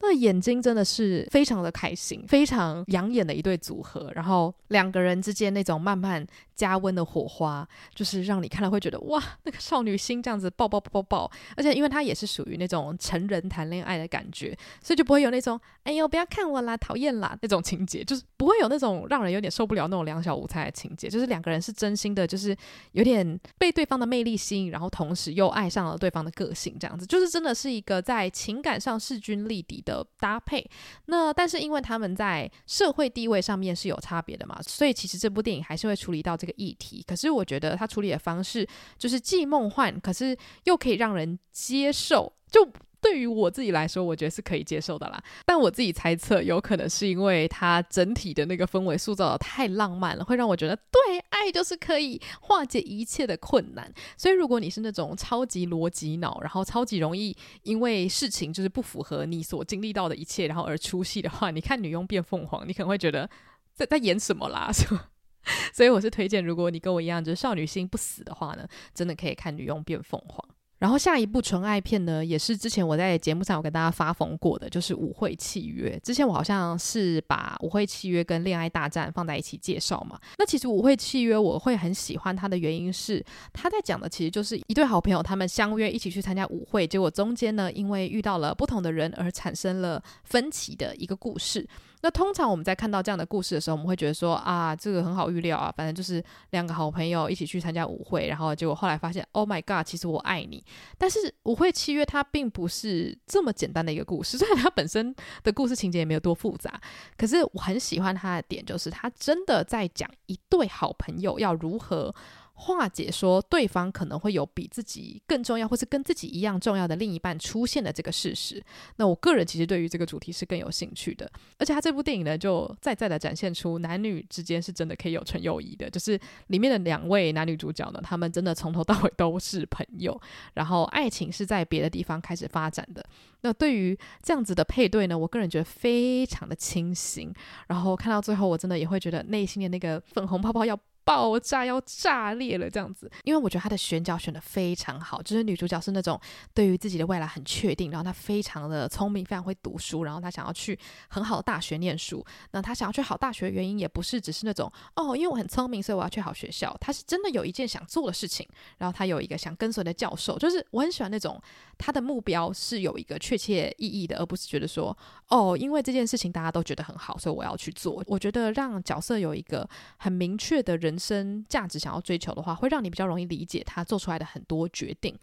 那眼睛真的是非常的開心，非常養眼的一對組合。然後兩個人之間那種慢慢加溫的火花，就是讓你看了會覺得哇，那個少女心這樣子爆爆爆爆爆。而且因為她也是屬於那種成人談戀愛的感覺，所以就不會有那種哎呦，不要看我啦，討厭啦，那種情節，就是不會有那種讓人有點受不了那種兩小無猜的情節。就是兩個人是真心的，就是有點被對方的魅力吸引，然後同時又愛上了對方的個性這樣子。就是真的是一個在情感上勢均力敵的搭配，那但是因為他們在社會地位上面是有差別的嘛，所以其實這部電影還是會處理到這個議題。可是我覺得他處理的方式就是既夢幻，可是又可以讓人接受。就對於我自己來說，我覺得是可以接受的啦。但我自己猜測，有可能是因為它整體的那個氛圍塑造的太浪漫了，會讓我覺得，對，愛就是可以化解一切的困難。所以，如果你是那種超級邏輯腦，然後超級容易因為事情就是不符合你所經歷到的一切，然後而出戲的話，你看《女傭變鳳凰》，你可能會覺得在在演什麼啦，是吧？所以，我是推薦，如果你跟我一樣，就是少女心不死的話呢，真的可以看《女傭變鳳凰》。然後下一部純愛片呢，也是之前我在節目上有跟大家發瘋過的，就是《舞會契約》。之前我好像是把《舞會契約》跟《戀愛大戰》放在一起介紹嘛。那其實《舞會契約》我會很喜歡它的原因是，它在講的其實就是一對好朋友，他們相約一起去參加舞會，結果中間呢，因為遇到了不同的人而產生了分歧的一個故事。那通常我們在看到這樣的故事的時候，我們會覺得說啊，這個很好預料啊，反正就是兩個好朋友一起去參加舞會，然後結果後來發現，Oh my God，其實我愛你。但是舞會契約它並不是這麼簡單的一個故事，雖然它本身的故事情節也沒有多複雜，可是我很喜歡它的點，就是它真的在講一對好朋友要如何。化解說對方可能會有比自己更重要，或是跟自己一樣重要的另一半出現的這個事實。那我個人其實對於這個主題是更有興趣的。而且他這部電影呢，就再再的展現出男女之間是真的可以有純友誼的，就是裡面的兩位男女主角呢，他們真的從頭到尾都是朋友，然後愛情是在別的地方開始發展的。那對於這樣子的配對呢，我個人覺得非常的清新。然後看到最後，我真的也會覺得內心的那個粉紅泡泡要。爆炸要炸裂了，這樣子，因為我覺得她的選角選得非常好，就是女主角是那種對於自己的未來很確定，然後她非常的聰明，非常會讀書，然後她想要去很好的大學唸書。那她想要去好大學的原因也不是只是那種哦，因為我很聰明，所以我要去好學校。她是真的有一件想做的事情，然後她有一個想跟隨的教授，就是我很喜歡那種她的目標是有一個確切意義的，而不是覺得說哦，因為這件事情大家都覺得很好，所以我要去做。我覺得讓角色有一個很明確的人。生價值，想要追求的話，會讓你比較容易理解他做出來的很多決定。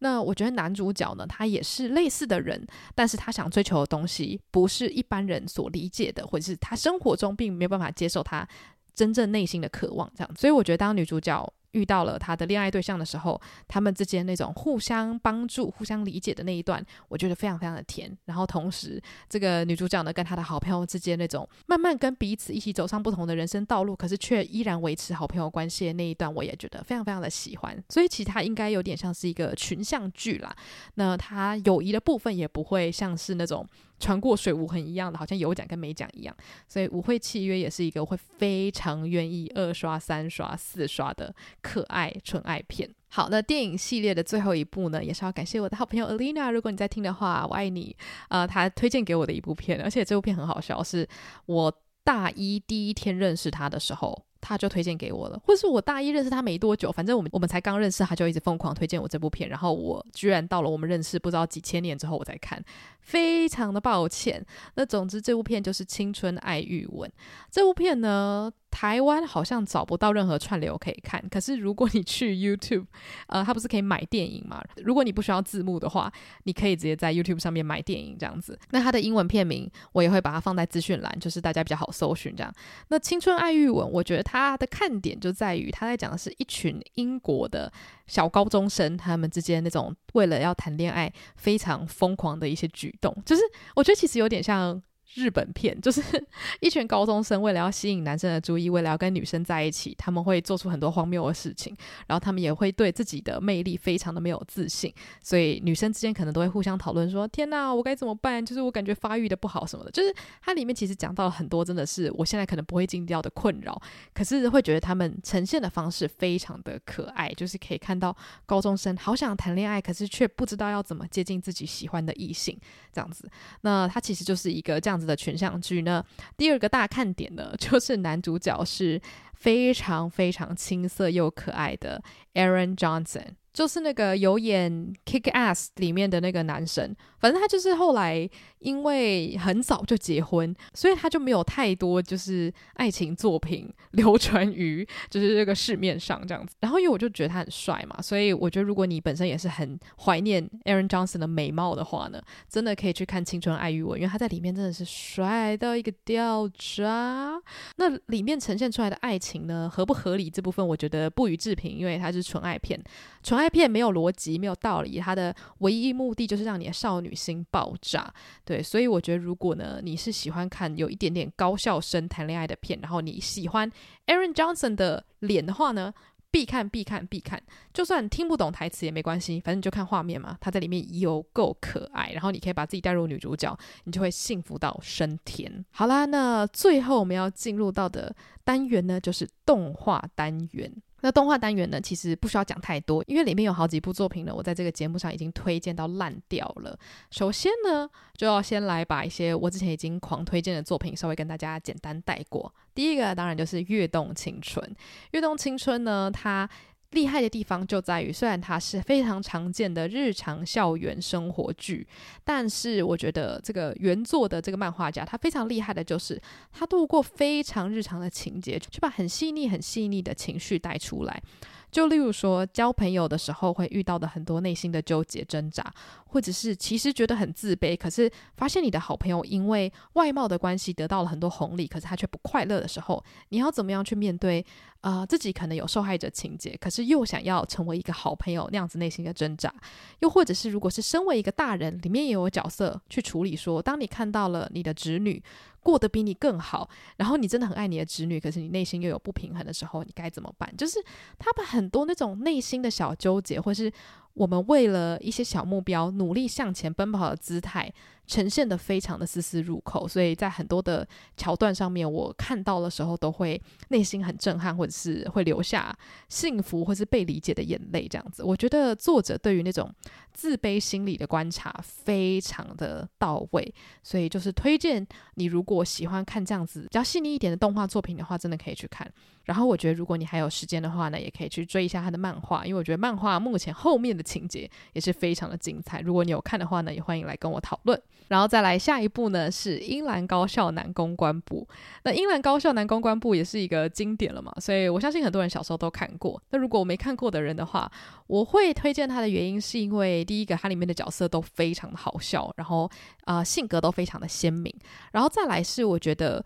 那我覺得男主角呢，他也是類似的人，但是他想追求的東西不是一般人所理解的，或者是他生活中並沒有辦法接受他真正內心的渴望，這樣。所以我覺得當女主角。遇到了他的戀愛對象的時候，他們之間那種互相幫助、互相理解的那一段，我覺得非常非常的甜。然後同時，這個女主角呢，跟她的好朋友之間那種慢慢跟彼此一起走上不同的人生道路，可是卻依然維持好朋友關係的那一段，我也覺得非常非常的喜歡。所以其實它應該有點像是一個群像劇啦。那他友誼的部分也不會像是那種船過水無痕一樣的，好像有講跟沒講一樣，所以舞會契約也是一個我會非常願意二刷、三刷、四刷的可愛純愛片。好，那電影系列的最後一部呢，也是要感謝我的好朋友 Alina，如果你在聽的話，我愛你。呃，他推薦給我的一部片，而且這部片很好笑，是我大一第一天認識他的時候。他就推薦給我了，或是我大一認識他沒多久，反正我們我們才剛認識，他就一直瘋狂推薦我這部片，然後我居然到了我們認識不知道幾千年之後我才看，非常的抱歉。那總之這部片就是青春愛慾吻，這部片呢，台灣好像找不到任何串流可以看，可是如果你去 YouTube，呃，它不是可以買電影嗎？如果你不需要字幕的話，你可以直接在 YouTube 上面買電影這樣子。那它的英文片名我也會把它放在資訊欄，就是大家比較好搜尋這樣。那《青春愛慾吻》，我覺得它的看點就在於它在講的是一群英國的小高中生，他們之間那種為了要談戀愛非常瘋狂的一些舉動，就是我覺得其實有點像。日本片就是一群高中生，為了要吸引男生的注意，為了要跟女生在一起，他們會做出很多荒謬的事情。然後他們也會對自己的魅力非常的沒有自信，所以女生之間可能都會互相討論說：“天哪，我該怎麼辦？就是我感覺發育的不好什麼的。”就是它裡面其實講到了很多，真的是我現在可能不會進掉的困擾。可是會覺得他們呈現的方式非常的可愛，就是可以看到高中生好想談戀愛，可是卻不知道要怎麼接近自己喜歡的異性這樣子。那它其實就是一個這樣子。的群像劇呢，第二個大看點呢，就是男主角是非常非常青澀又可愛的 Aaron Johnson。就是那個有演《Kick Ass》裡面的那個男神，反正他就是後來因為很早就結婚，所以他就沒有太多就是愛情作品流傳於就是這個市面上這樣子。然後因為我就覺得他很帥嘛，所以我覺得如果你本身也是很懷念 Aaron Johnson 的美貌的話呢，真的可以去看《青春愛慾吻》，因為他在裡面真的是帥到一個掉渣。那裡面呈現出來的愛情呢，合不合理這部分我覺得不予置評，因為它是純愛片。純愛片沒有邏輯，沒有道理，它的唯一目的就是讓你的少女心爆炸。對，所以我覺得，如果呢，你是喜歡看有一點點高校生談戀愛的片，然後你喜歡 Aaron Johnson 的臉的話呢，必看、必看、必看，就算你聽不懂台詞也沒關係，反正你就看畫面嘛，它在裡面有夠可愛，然後你可以把自己帶入女主角，你就會幸福到升天。好啦，那最後我們要進入到的單元呢，就是動畫單元。那動畫單元呢，其實不需要講太多，因為裡面有好幾部作品呢，我在這個節目上已經推薦到爛掉了。首先呢，就要先來把一些我之前已經狂推薦的作品稍微跟大家簡單帶過。第一個當然就是《躍動青春》，《躍動青春》呢，它厲害的地方就在於，雖然它是非常常見的日常校園生活劇，但是我覺得這個原作的這個漫畫家，他非常厲害的就是，他透過非常日常的情節，去把很細膩、很細膩的情緒帶出來。就例如說，交朋友的時候會遇到的很多內心的糾結、掙扎。或者是其實覺得很自卑，可是發現你的好朋友因為外貌的關係得到了很多紅利，可是他卻不快樂的時候，你要怎麼樣去面對？啊、呃，自己可能有受害者情節，可是又想要成為一個好朋友，那樣子內心的掙扎。又或者是，如果是身為一個大人，裡面也有角色去處理說，說當你看到了你的侄女過得比你更好，然後你真的很愛你的侄女，可是你內心又有不平衡的時候，你該怎麼辦？就是他們很多那種內心的小糾結，或者是。我們為了一些小目標，努力向前奔跑的姿態，呈現得非常的絲絲入扣，所以在很多的橋段上面，我看到的時候都會內心很震撼，或者是會留下幸福或是被理解的眼淚這樣子。我覺得作者對於那種自卑心理的觀察非常的到位，所以就是推薦你如果喜歡看這樣子比較細膩一點的動畫作品的話，真的可以去看。然後我覺得如果你還有時間的話呢，也可以去追一下他的漫畫，因為我覺得漫畫目前後面的情節也是非常的精彩。如果你有看的話呢，也歡迎來跟我討論。然後再來下一部呢，是《櫻蘭高校男公關部》。那《櫻蘭高校男公關部》也是一個經典了嘛，所以我相信很多人小時候都看過。那如果我沒看過的人的話，我會推薦它的原因是因為，第一個它裡面的角色都非常的好笑，然後啊、呃、性格都非常的鮮明，然後再來是我覺得。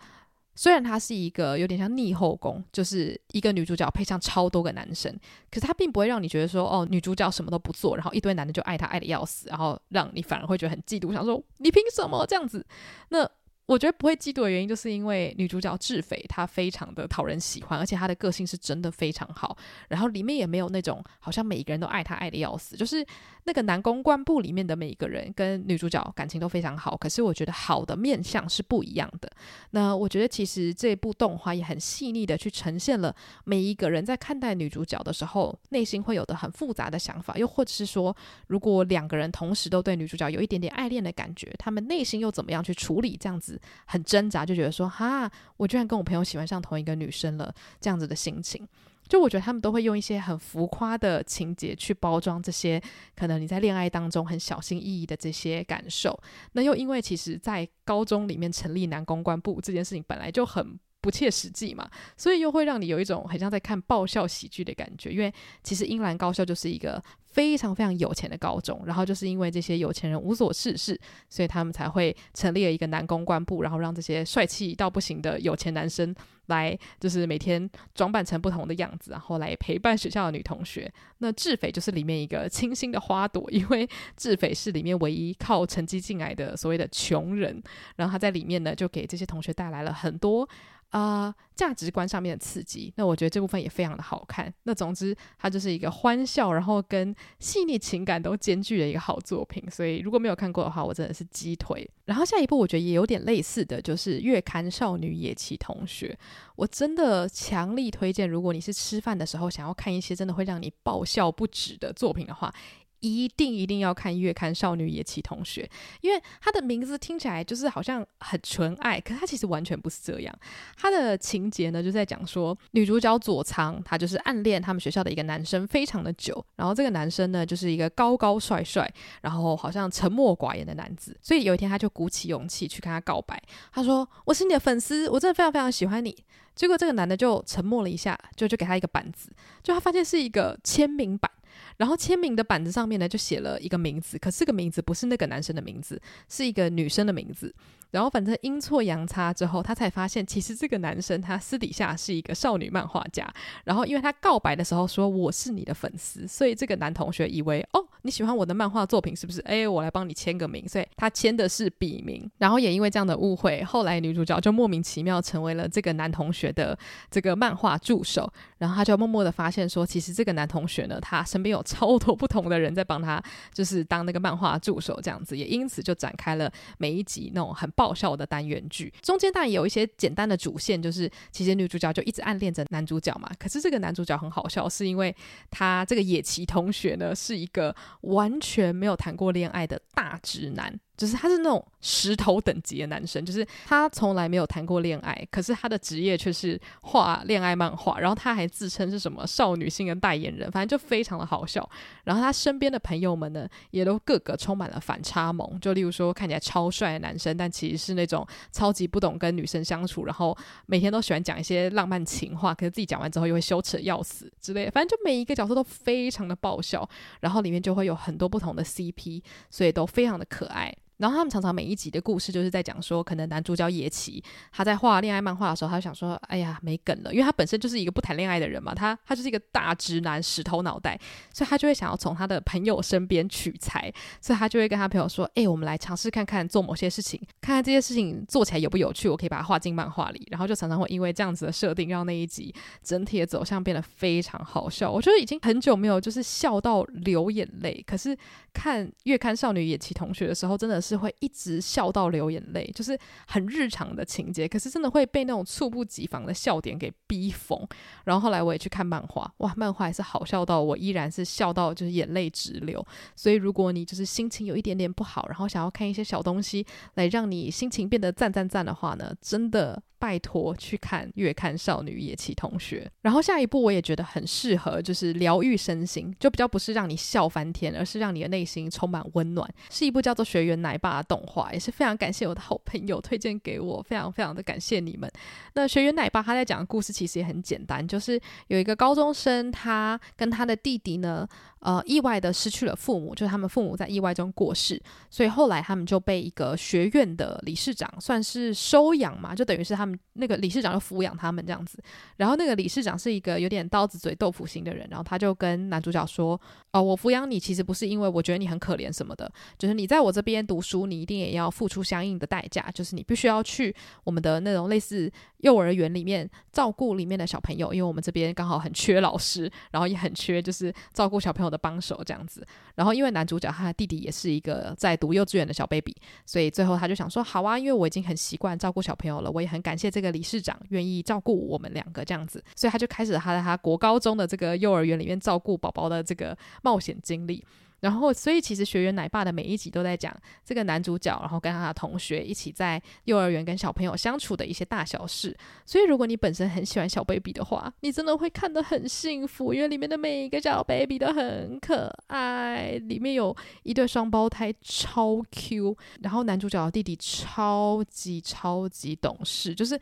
雖然他是一個有點像逆後宮，就是一個女主角配上超多個男生，可是他並不會讓你覺得說，哦，女主角什麼都不做，然後一堆男的就愛她愛的要死，然後讓你反而會覺得很嫉妒，想說你憑什麼這樣子？那。我覺得不會嫉妒的原因，就是因為女主角志斐，她非常的討人喜歡，而且她的個性是真的非常好。然後裡面也沒有那種好像每一個人都愛她愛的要死，就是那個男公關部裡面的每一個人跟女主角感情都非常好。可是我覺得好的面向是不一樣的。那我覺得其實這部動畫也很細膩的去呈現了每一個人在看待女主角的時候，內心會有的很複雜的想法，又或者是說，如果兩個人同時都對女主角有一點點愛戀的感覺，他們內心又怎麼樣去處理這樣子？很掙扎，就覺得說哈，我居然跟我朋友喜歡上同一個女生了，這樣子的心情，就我覺得他們都會用一些很浮誇的情節去包裝這些可能你在戀愛當中很小心翼翼的這些感受。那又因為其實，在高中裡面成立男公關部這件事情本來就很不切實際嘛，所以又會讓你有一種很像在看爆笑喜劇的感覺。因為其實櫻蘭高校就是一個非常非常有錢的高中，然後就是因為這些有錢人無所事事，所以他們才會成立了一個男公關部，然後讓這些帥氣到不行的有錢男生來，就是每天裝扮成不同的樣子，然後來陪伴學校的女同學。那志斐就是裡面一個清新的花朵，因為志斐是裡面唯一靠成績進來的所謂的窮人，然後他在裡面呢就給這些同學帶來了很多。啊，價、呃、值觀上面的刺激，那我覺得這部分也非常的好看。那總之，它就是一個歡笑，然後跟細膩情感都兼具的一個好作品。所以，如果沒有看過的話，我真的是雞腿。然後，下一部我覺得也有點類似的就是《月刊少女野崎同學》，我真的強力推薦。如果你是吃飯的時候想要看一些真的會讓你爆笑不止的作品的話。一定一定要看《月刊少女野崎同學》，因為他的名字聽起來就是好像很純愛，可他其實完全不是這樣。他的情節呢，就在講說女主角佐倉，她就是暗戀他們學校的一個男生非常的久，然後這個男生呢，就是一個高高帥帥，然後好像沉默寡言的男子，所以有一天他就鼓起勇氣去跟他告白，他說：“我是你的粉絲，我真的非常非常喜歡你。”結果這個男的就沉默了一下，就就給他一個板子，就他發現是一個簽名板。然後簽名的板子上面呢，就寫了一個名字，可是這個名字不是那個男生的名字，是一個女生的名字。然後反正陰錯陽差之後，她才發現其實這個男生他私底下是一個少女漫畫家。然後因為他告白的時候說我是你的粉絲，所以這個男同學以為哦，你喜歡我的漫畫作品是不是？哎，我來幫你簽個名。所以他簽的是筆名。然後也因為這樣的誤會，後來女主角就莫名其妙成為了這個男同學的這個漫畫助手。然後她就默默的發現說，其實這個男同學呢，他身邊有超多不同的人在幫他，就是當那個漫畫助手這樣子。也因此就展開了每一集那種很。爆笑的單元劇，中間當然也有一些簡單的主線，就是其實女主角就一直暗戀着男主角嘛。可是這個男主角很好笑，是因為他這個野崎同學呢，是一個完全沒有談過戀愛的大直男。就是他是那種石頭等級的男生，就是他從來沒有談過戀愛，可是他的職業卻是畫戀愛漫畫，然後他還自稱是什麼少女心的代言人，反正就非常的好笑。然後他身邊的朋友們呢，也都各個充滿了反差萌，就例如說看起來超帥的男生，但其實是那種超級不懂跟女生相處，然後每天都喜歡講一些浪漫情話，可是自己講完之後又會羞恥的要死之類的，反正就每一個角色都非常的爆笑，然後裡面就會有很多不同的 CP，所以都非常的可愛。然後他們常常每一集的故事就是在講說，可能男主角野崎他在畫戀愛漫畫的時候，他就想說：“哎呀，沒梗了，因為他本身就是一個不談戀愛的人嘛，他他就是一個大直男、石頭腦袋，所以他就會想要從他的朋友身邊取材，所以他就會跟他朋友說：‘哎、欸，我們來嘗試看看做某些事情，看看這些事情做起來有不有趣，我可以把它畫進漫畫裡。’然後就常常會因為這樣子的設定，讓那一集整體的走向變得非常好笑。我覺得已經很久沒有就是笑到流眼淚，可是看月刊少女野崎同學的時候，真的是。是會一直笑到流眼淚，就是很日常的情節，可是真的會被那種猝不及防的笑點給逼瘋。然後後來我也去看漫畫，哇，漫畫也是好笑到我依然是笑到就是眼淚直流。所以如果你就是心情有一點點不好，然後想要看一些小東西來讓你心情變得讚讚讚的話呢，真的拜託去看《月刊少女野崎同學》。然後下一部我也覺得很適合，就是療癒身心，就比較不是讓你笑翻天，而是讓你的內心充滿溫暖，是一部叫做《學員奶爸》動畫也是非常感謝我的好朋友推薦給我，非常非常的感謝你們。那學員奶爸他在講的故事其實也很簡單，就是有一個高中生，他跟他的弟弟呢。呃，意外的失去了父母，就是他們父母在意外中過世，所以後來他們就被一個學院的理事長算是收養嘛，就等於是他們那個理事長就撫養他們這樣子。然後那個理事長是一個有點刀子嘴豆腐心的人，然後他就跟男主角說：“哦，我撫養你其實不是因為我覺得你很可憐什麼的，就是你在我這邊讀書，你一定也要付出相應的代價，就是你必須要去我們的那種類似幼兒園裡面照顧裡面的小朋友，因為我們這邊剛好很缺老師，然後也很缺就是照顧小朋友的。”的幫手這樣子，然後因為男主角他的弟弟也是一個在讀幼稚園的小 baby，所以最後他就想說，好啊，因為我已經很習慣照顧小朋友了，我也很感謝這個理事長願意照顧我們兩個這樣子，所以他就開始了他在他國高中的這個幼兒園裡面照顧寶寶的這個冒險經歷。然後，所以其實《學員奶爸》的每一集都在講這個男主角，然後跟他的同學一起在幼兒園跟小朋友相處的一些大小事。所以，如果你本身很喜歡小 baby 的話，你真的會看得很幸福，因為裡面的每一個小 baby 都很可愛，裡面有一對雙胞胎超 Q，然後男主角的弟弟超級超級懂事，就是。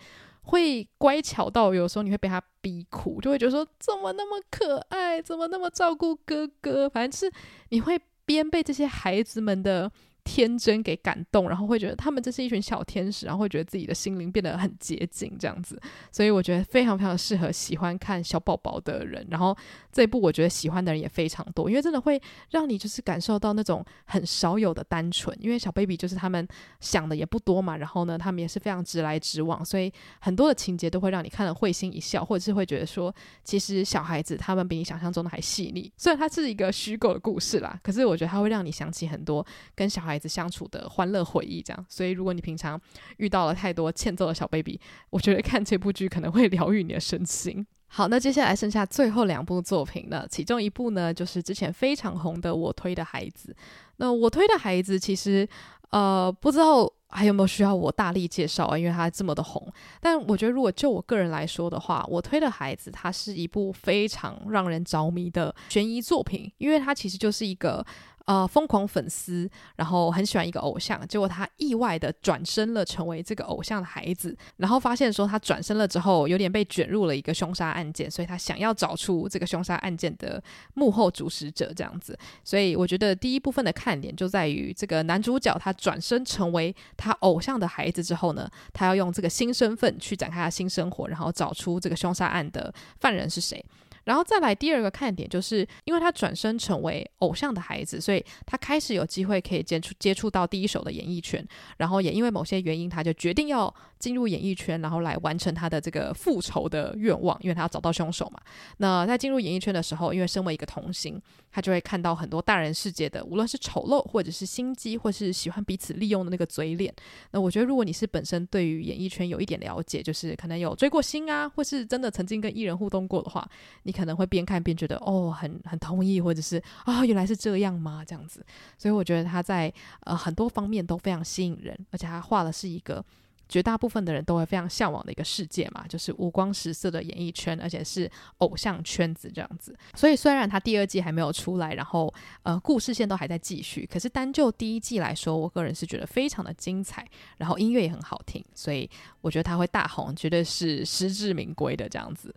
會乖巧到，有時候你會被他逼哭，就會覺得說怎麼那麼可愛，怎麼那麼照顧哥哥，反正就是你會邊被這些孩子們的。天真給感動，然後會覺得他們這是一群小天使，然後會覺得自己的心靈變得很潔淨這樣子，所以我覺得非常非常適合喜歡看小寶寶的人。然後這一部我覺得喜歡的人也非常多，因為真的會讓你就是感受到那種很少有的單純，因為小 baby 就是他們想的也不多嘛，然後呢他們也是非常直來直往，所以很多的情節都會讓你看了會心一笑，或者是會覺得說其實小孩子他們比你想象中的還細膩。雖然它是一個虛構的故事啦，可是我覺得它會讓你想起很多跟小孩子。孩子相處的歡樂回憶，這樣。所以，如果你平常遇到了太多欠揍的小 baby，我覺得看這部劇可能會療癒你的身心。好，那接下來剩下最後兩部作品呢？其中一部呢，就是之前非常紅的《我推的孩子》。那《我推的孩子》其實，呃，不知道還有沒有需要我大力介紹啊？因為它這麼的紅。但我覺得，如果就我個人來說的話，《我推的孩子》它是一部非常讓人着迷的懸疑作品，因為它其實就是一個。呃，瘋狂粉絲，然後很喜歡一個偶像，結果他意外的轉生了，成為這個偶像的孩子，然後發現說他轉生了之後，有點被捲入了一個凶殺案件，所以他想要找出這個凶殺案件的幕後主使者這樣子。所以我覺得第一部分的看點就在於這個男主角他轉生成為他偶像的孩子之後呢，他要用這個新身份去展開他新生活，然後找出這個凶殺案的犯人是誰。然後再來第二個看點，就是因為他轉生成為偶像的孩子，所以他開始有機會可以接觸接觸到第一手的演藝圈，然後也因為某些原因，他就決定要，進入演藝圈，然後來完成他的這個復仇的願望，因為他要找到凶手嘛。那在進入演藝圈的時候，因為身為一個童星，他就會看到很多大人世界的，無論是醜陋，或者是心機，或者是喜歡彼此利用的那個嘴臉。那我覺得，如果你是本身對於演藝圈有一點了解，就是可能有追過星啊，或是真的曾經跟藝人互動過的話，你可能會邊看邊覺得哦，很很同意，或者是啊、哦，原來是這樣嗎？這樣子。所以我覺得他在呃很多方面都非常吸引人，而且他畫的是一個。絕大部分的人都會非常向往的一個世界嘛，就是五光十色的演藝圈，而且是偶像圈子這樣子。所以雖然他第二季還沒有出來，然後呃故事線都還在繼續，可是單就第一季來說，我個人是覺得非常的精彩，然後音樂也很好聽，所以我覺得他會大紅，絕對是實至名歸的這樣子。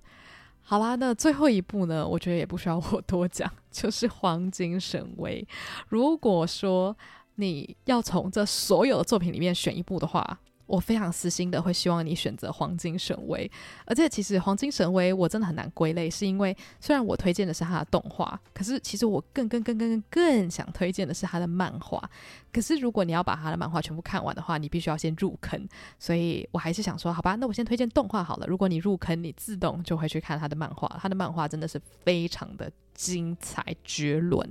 好啦，那最後一部呢，我覺得也不需要我多講，就是《黃金神威》。如果說你要從這所有的作品裡面選一部的話，我非常私心的會希望你選擇黃金神威，而且其實黃金神威我真的很難歸類，是因為雖然我推薦的是他的動畫，可是其實我更更更更更更想推薦的是他的漫畫。可是如果你要把他的漫畫全部看完的話，你必須要先入坑，所以我還是想說，好吧，那我先推薦動畫好了。如果你入坑，你自動就會去看他的漫畫，他的漫畫真的是非常的精彩絕倫。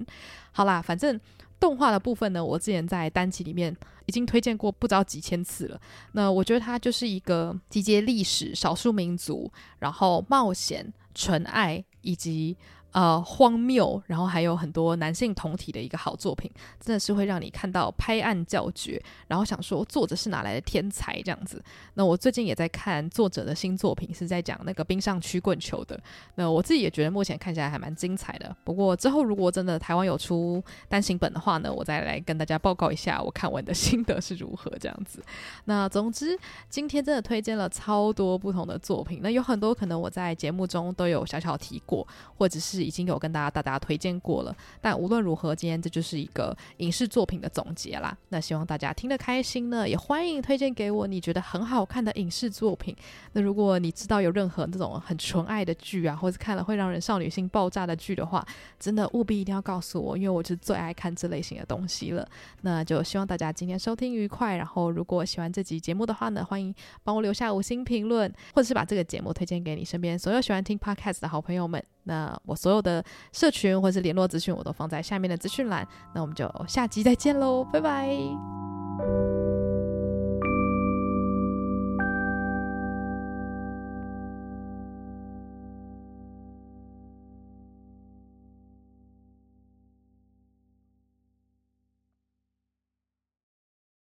好啦，反正。動畫的部分呢，我之前在單集裡面已經推薦過，不知道幾千次了。那我覺得它就是一個集結歷史、少數民族，然後冒險、純愛，以及。呃，荒謬，然後還有很多男性同體的一個好作品，真的是會讓你看到拍案叫絕，然後想說作者是哪來的天才這樣子。那我最近也在看作者的新作品，是在講那個冰上曲棍球的。那我自己也覺得目前看起來還蠻精彩的。不過之後如果真的台灣有出單行本的話呢，我再來跟大家報告一下我看完的心得是如何這樣子。那總之今天真的推薦了超多不同的作品，那有很多可能我在節目中都有小小提過，或者是。已經有跟大家大家推薦過了，但無論如何，今天這就是一個影視作品的總結啦。那希望大家聽得開心呢，也歡迎推薦給我你覺得很好看的影視作品。那如果你知道有任何那種很純愛的劇啊，或者看了會讓人少女心爆炸的劇的話，真的務必一定要告訴我，因為我是最愛看這類型的東西了。那就希望大家今天收聽愉快，然後如果喜歡這集節目的話呢，歡迎幫我留下五星評論，或者是把這個節目推薦給你身邊所有喜歡聽 Podcast 的好朋友們。那我所有的社群或是聯絡資訊，我都放在下面的資訊欄。那我們就下集再見嘍，拜拜。